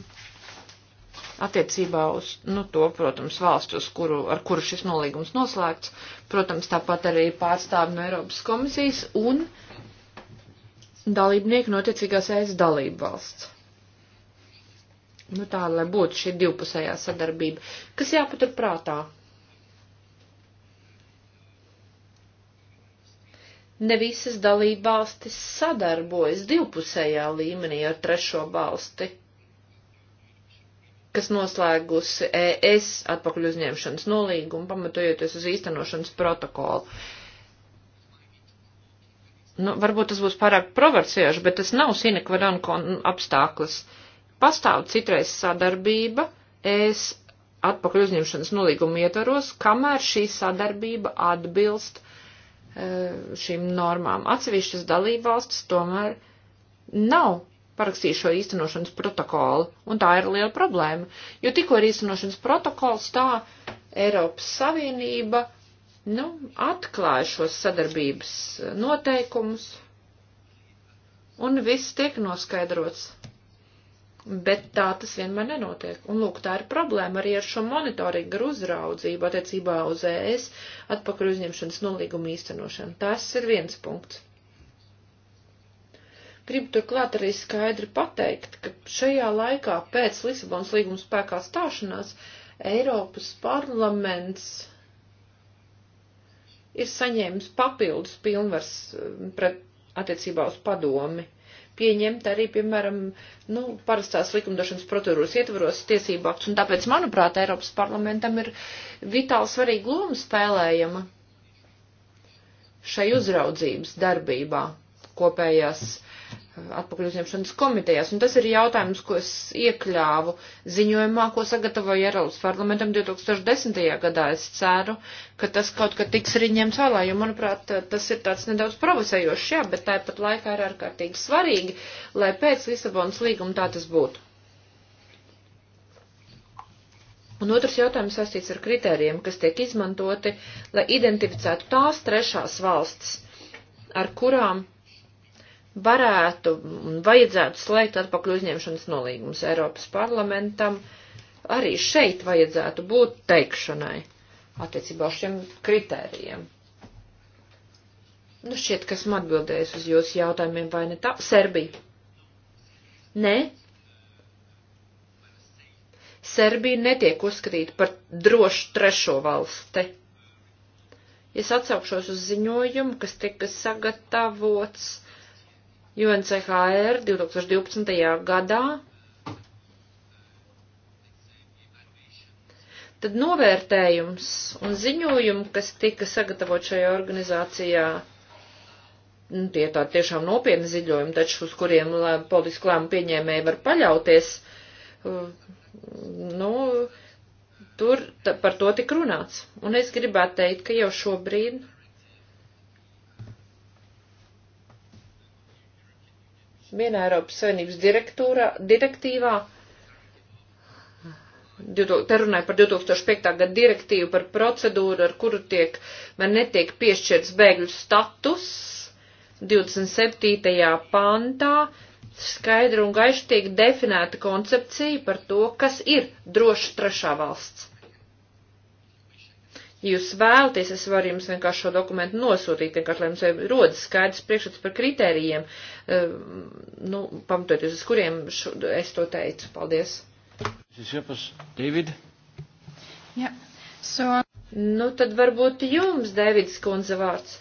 attiecībā uz, nu, to, protams, valsts, uz kuru, ar kuru šis nolīgums noslēgts, protams, tāpat arī pārstāvi no Eiropas komisijas un dalībnieki notiecīgās ES dalību valsts. Nu tā, lai būtu šī divpusējā sadarbība, kas jāpatur prātā. Ne visas dalībvalstis sadarbojas divpusējā līmenī ar trešo valsti, kas noslēgusi ES atpakaļ uzņemšanas nolīgumu, pamatojoties uz īstenošanas protokolu. Nu, varbūt tas būs pārāk provarcieši, bet tas nav sinekvadan apstākļus. Uh, Pastāv citreiz sadarbība es atpakaļ uzņemšanas nolīgumu ietvaros, kamēr šī sadarbība atbilst e, šīm normām. Atsevišķas dalībvalstis tomēr nav parakstīju šo īstenošanas protokolu, un tā ir liela problēma, jo tikko ir īstenošanas protokols, tā Eiropas Savienība, nu, atklāja šos sadarbības noteikumus, un viss tiek noskaidrots. Bet tā tas vienmēr nenotiek. Un lūk, tā ir problēma arī ar šo monitoringu, ar uzraudzību attiecībā uz ES atpakaļ uzņemšanas nolīgumu īstenošanu. Tas ir viens punkts. Gribu turklāt arī skaidri pateikt, ka šajā laikā pēc Lisabonas līguma spēkā stāšanās Eiropas parlaments ir saņēmis papildus pilnvars eh, pret attiecībā uz padomi. Uh, pieņemt arī, piemēram, nu, parastās likumdošanas procedūras ietvaros tiesību aktus. Un tāpēc, manuprāt, Eiropas parlamentam ir vitāli svarīga loma spēlējama šai uzraudzības darbībā kopējās atpakaļ uzņemšanas komitejās. Un tas ir jautājums, ko es iekļāvu ziņojumā, ko sagatavoju Eiropas parlamentam 2010. gadā. Es ceru, ka tas kaut kad tiks arī ņemts vērā, jo, manuprāt, tas ir tāds nedaudz provocējošs, jā, bet tāpat laikā ir ārkārtīgi svarīgi, lai pēc Lisabonas līguma tā tas būtu. Un otrs jautājums saistīts ar kritērijiem, kas tiek izmantoti, lai identificētu tās trešās valstis, ar kurām varētu un vajadzētu slēgt atpakaļ uzņemšanas nolīgumus Eiropas parlamentam. Arī šeit vajadzētu būt teikšanai attiecībā uz šiem kritērijiem. Nu, šķiet, ka esmu atbildējis uz jūsu jautājumiem, vai ne tā? Serbija. Nē? Serbija netiek uzskatīta par drošu trešo valsti. Es atsaukšos uz ziņojumu, kas tika sagatavots UNCHR 2012. gadā tad novērtējums un ziņojumi, kas tika sagatavot šajā organizācijā, nu, tie tādi tiešām nopietni ziņojumi, taču uz kuriem lē, politisku lēmu pieņēmēji var paļauties, nu, tur par to tik runāts. Un es gribētu teikt, ka jau šobrīd vienā Eiropas Savienības direktīvā, te runāja par 2005. gada direktīvu par procedūru, ar kuru tiek, man netiek piešķirts bēgļu status, 27. pantā skaidri un gaiši tiek definēta koncepcija par to, kas ir droša trešā valsts. Ja jūs vēlaties, es varu jums vienkārši šo dokumentu nosūtīt, vienkārši, lai jums rodas skaidrs priekšstats par kritērijiem, eh, nu, pamatoties, uz kuriem šo, es to teicu. Paldies. David? Jā. Yeah. So... Nu, tad varbūt jums, Davids Kunze, vārds.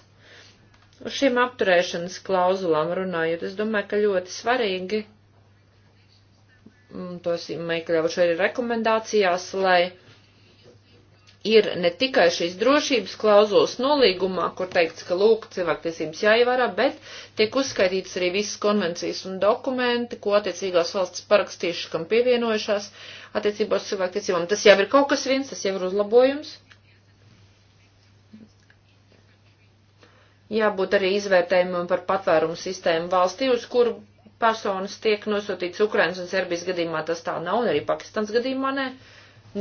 Uz šīm apturēšanas klauzulām runājot, es domāju, ka ļoti svarīgi, mm, tos iekļaušu arī rekomendācijās, lai ir ne tikai šīs drošības klauzulas nolīgumā, kur teikts, ka lūk, cilvēktiesības jāievērā, bet tiek uzskaitītas arī visas konvencijas un dokumenti, ko attiecīgās valstis parakstījušas, kam pievienojušās attiecībās cilvēktiesībām. Tas jau ir kaut kas viens, tas jau ir uzlabojums. Jābūt arī izvērtējumam par patvērumu sistēmu valstī, uz kuru personas tiek nosūtīts Ukrainas un Serbijas gadījumā tas tā nav, un arī Pakistans gadījumā nē. Ne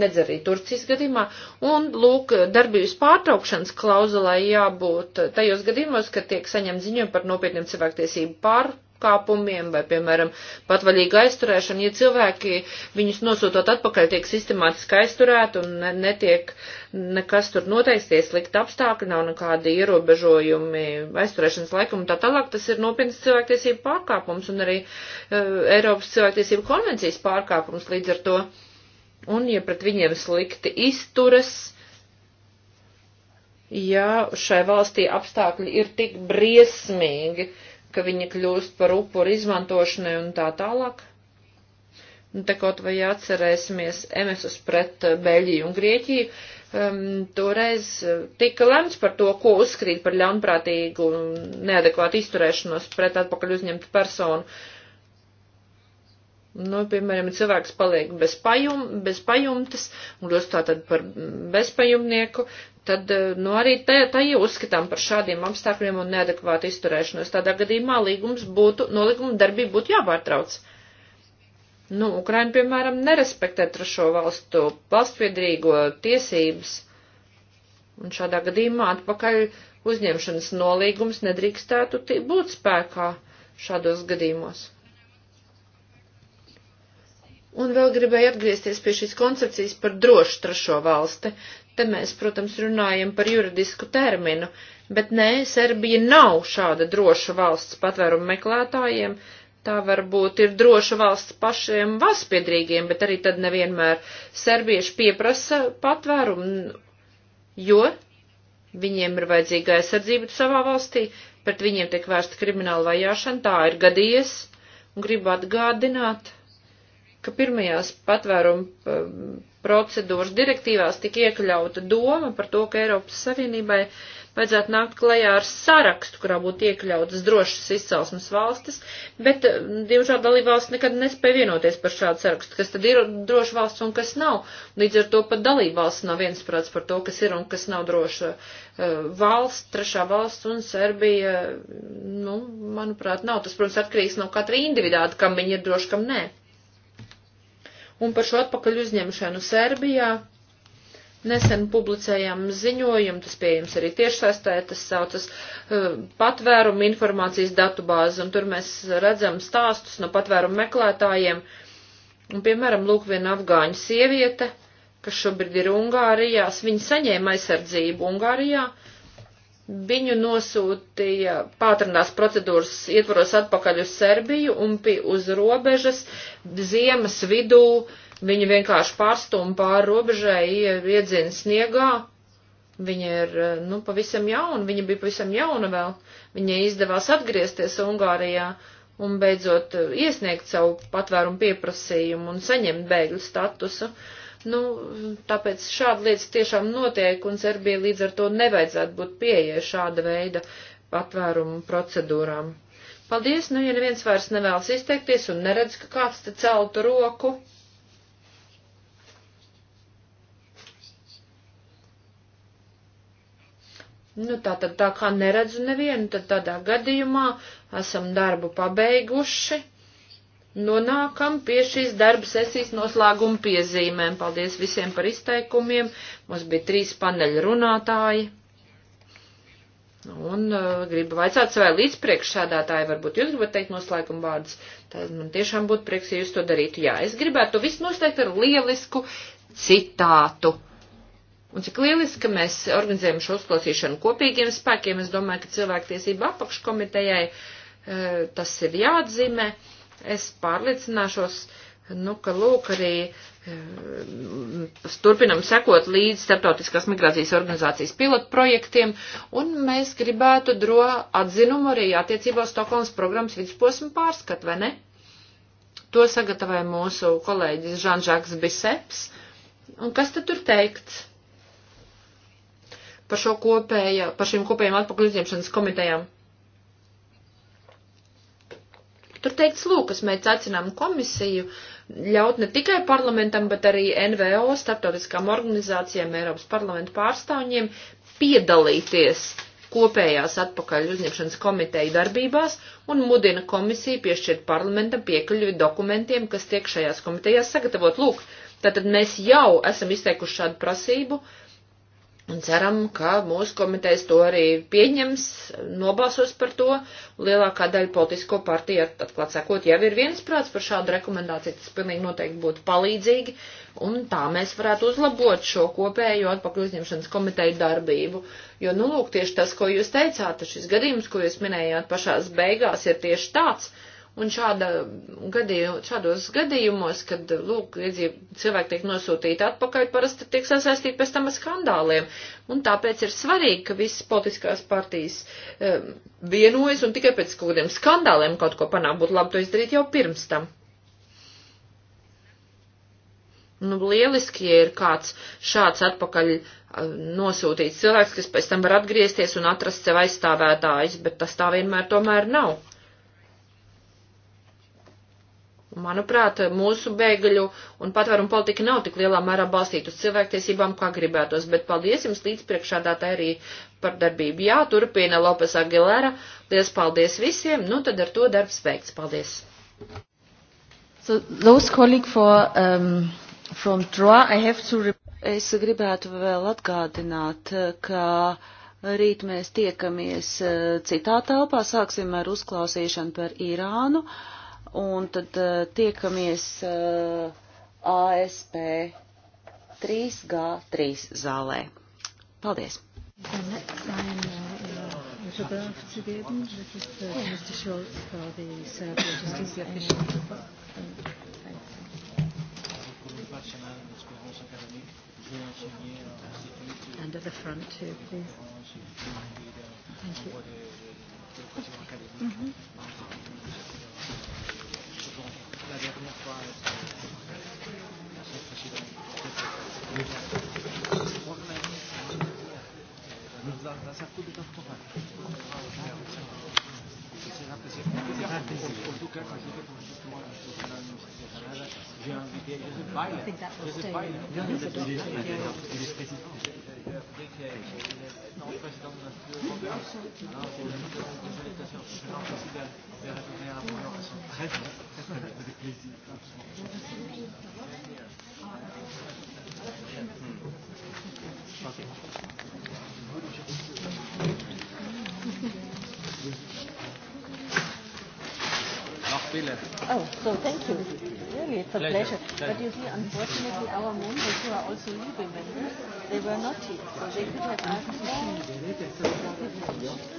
nedz arī Turcijas gadījumā. Un, lūk, darbības pārtraukšanas klauzulai jābūt tajos gadījumos, kad tiek saņemt ziņojumi par nopietniem cilvēktiesību pārkāpumiem vai, piemēram, patvaļīgu aizturēšanu, ja cilvēki viņus nosūtot atpakaļ tiek sistemātiski aizturēti un ne, netiek nekas tur noteikties, likt apstākļi, nav nekādi ierobežojumi aizturēšanas laikam un tā tālāk. Tas ir nopietnas cilvēktiesību pārkāpums un arī uh, Eiropas cilvēktiesību konvencijas pārkāpums līdz ar to. Uh, un ja pret viņiem slikti izturas, ja šai valstī apstākļi ir tik briesmīgi, ka viņi kļūst par upuru izmantošanai un tā tālāk. Un nu, te kaut vai atcerēsimies emesus pret Beļģiju un Grieķiju, um, toreiz uh, tika lemts par to, ko uzskrīt par ļaunprātīgu un neadekvātu izturēšanos pret atpakaļ uzņemtu personu. Uh, Nu, piemēram, cilvēks paliek bez, pajum, bez pajumtes un kļūst tātad par bezpajumnieku, tad, eh, nu, arī tajā uzskatām par šādiem apstākļiem un neadekvātu izturēšanos. Tādā gadījumā līgums būtu, nolīguma darbība būtu jāpārtrauc. Nu, Ukraina, piemēram, nerespektē trešo valstu valstviedrīgo tiesības, un šādā gadījumā atpakaļ uzņemšanas nolīgums nedrīkstētu būt spēkā šādos gadījumos. Un vēl gribēju atgriezties pie šīs koncepcijas par drošu trešo valsti. Te mēs, protams, runājam par juridisku terminu, bet nē, Serbija nav šāda droša valsts patvērumu meklētājiem. Tā varbūt ir droša valsts pašiem valstspiedrīgiem, bet arī tad nevienmēr serbieši pieprasa patvērumu, jo viņiem ir vajadzīga aizsardzība savā valstī, pret viņiem tiek vērsta krimināla vajāšana, tā ir gadījies, un gribu atgādināt ka pirmajās patvērumu eh, procedūras direktīvās tika iekļauta doma par to, ka Eiropas Savienībai vajadzētu nākt klajā ar sarakstu, kurā būtu iekļautas drošas izcelsmes valstis, bet, eh, diemžēl, dalībvalsts nekad nespēja vienoties par šādu sarakstu, kas tad ir droša valsts un kas nav. Līdz ar to pat dalībvalsts nav viensprāts par to, kas ir un kas nav droša eh, valsts, trešā valsts un Serbija, nu, manuprāt, nav. Tas, protams, atkarīgs no katra individuāta, kam viņi ir droši, kam nē. Un par šo atpakaļ uzņemšanu Serbijā nesen publicējām ziņojumu, tas pieejams arī tiešsaistē, tas saucas uh, patvērumu informācijas datubāze, un tur mēs redzam stāstus no patvērumu meklētājiem. Un, piemēram, lūk, viena afgāņu sieviete, kas šobrīd ir Ungārijā, viņa saņēma aizsardzību Ungārijā, uh, Viņu nosūtīja pātrinās procedūras ietvaros atpakaļ uz Serbiju un pie uz robežas ziemas vidū viņu vienkārši pārstūma pāri robežai, iedzina sniegā. Viņa ir, nu, pavisam jauna, viņa bija pavisam jauna vēl. Viņai izdevās atgriezties Ungārijā un beidzot iesniegt savu patvērumu pieprasījumu un saņemt bēgļu statusu. Uh, Nu, tāpēc šāda lietas tiešām notiek, un Serbija līdz ar to nevajadzētu būt pieeja šāda veida patvērumu procedūrām. Paldies, nu, ja neviens vairs nevēlas izteikties un neredz, ka kāds te celtu roku. Nu, tā tad tā kā neredzu nevienu, tad tādā gadījumā esam darbu pabeiguši nonākam pie šīs darba sesijas noslēguma piezīmēm. Paldies visiem par izteikumiem. Mums bija trīs paneļa runātāji. Un uh, gribu vaicāt savai līdzpriekšsādātāji, varbūt jūs gribat teikt noslēguma vārdus. Tad man tiešām būtu prieks, ja jūs to darītu. Jā, es gribētu to visu noslēgt ar lielisku citātu. Un cik lieliski, ka mēs organizējam šo uzklausīšanu kopīgiem spēkiem. Es domāju, ka cilvēktiesība apakškomitejai uh, tas ir jāatzīmē. Uh, es pārliecināšos, nu, ka lūk arī eh, turpinam sekot līdz starptautiskās migrācijas organizācijas pilotu projektiem, un mēs gribētu dro atzinumu arī attiecībā Stokholmas programmas vidusposmu pārskat, vai ne? To sagatavoja mūsu kolēģis Žanžāks Biseps. Un kas tad tur teikts par, šo kopēja, par šīm kopējām atpakaļ uzņemšanas komitejām? Tur teikts, lūk, kas mēs aicinām komisiju ļaut ne tikai parlamentam, bet arī NVO, starptautiskām organizācijām, Eiropas parlamentu pārstāvjiem piedalīties kopējās atpakaļ uzņemšanas komiteju darbībās un mudina komisiju piešķirt parlamentam piekļuvi dokumentiem, kas tiek šajās komitejās sagatavot. Lūk, tātad mēs jau esam izteikuši šādu prasību, uh, Un ceram, ka mūsu komitejas to arī pieņems, nobalsos par to. Lielākā daļa politisko partiju, atklāt sakot, jau ir viensprāts par šādu rekomendāciju. Tas pilnīgi noteikti būtu palīdzīgi. Un tā mēs varētu uzlabot šo kopējo atpakaļ uzņemšanas komiteju darbību. Jo, nu, lūk, tieši tas, ko jūs teicāt, šis gadījums, ko jūs minējāt pašās beigās, ir tieši tāds, uh, Un šāda gadījum, šādos gadījumos, kad, lūk, cilvēki tiek nosūtīti atpakaļ, parasti tiek sasaistīti pēc tam ar skandāliem. Un tāpēc ir svarīgi, ka visas politiskās partijas um, vienojas un tikai pēc kaut kādiem skandāliem kaut ko panākt, būtu labi to izdarīt jau pirms tam. Nu, lieliski, ja ir kāds šāds atpakaļ uh, nosūtīts cilvēks, kas pēc tam var atgriezties un atrast sev aizstāvētājs, bet tas tā vienmēr tomēr nav. Manuprāt, mūsu bēgļu un patvērumu politika nav tik lielā mērā balstīta uz cilvēktiesībām, kā gribētos, bet paldies jums līdzpriekšādātāji arī par darbību. Jā, turpina Lopes Agilera. Liels paldies visiem. Nu, tad ar to darbs veikts. Paldies. So, those colleague for, um, from DRA, I have to... Es gribētu vēl atgādināt, ka. Rīt mēs tiekamies uh, citā telpā, sāksim ar uzklausīšanu par Irānu. Uh, un tad eh, tiekamies eh, ASP 3G3 zālē. Paldies! Verdrag zu geben. Das ist äh, Mr. Scholz for the Serbia Justice Official. And at the front too, please. Thank you. Mm -hmm. I think that was David. Oh, so thank you really, it's a pleasure. pleasure. pleasure. But you see, unfortunately, our members who are also Libe members, they were not here, so they could have asked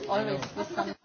more. Always with some.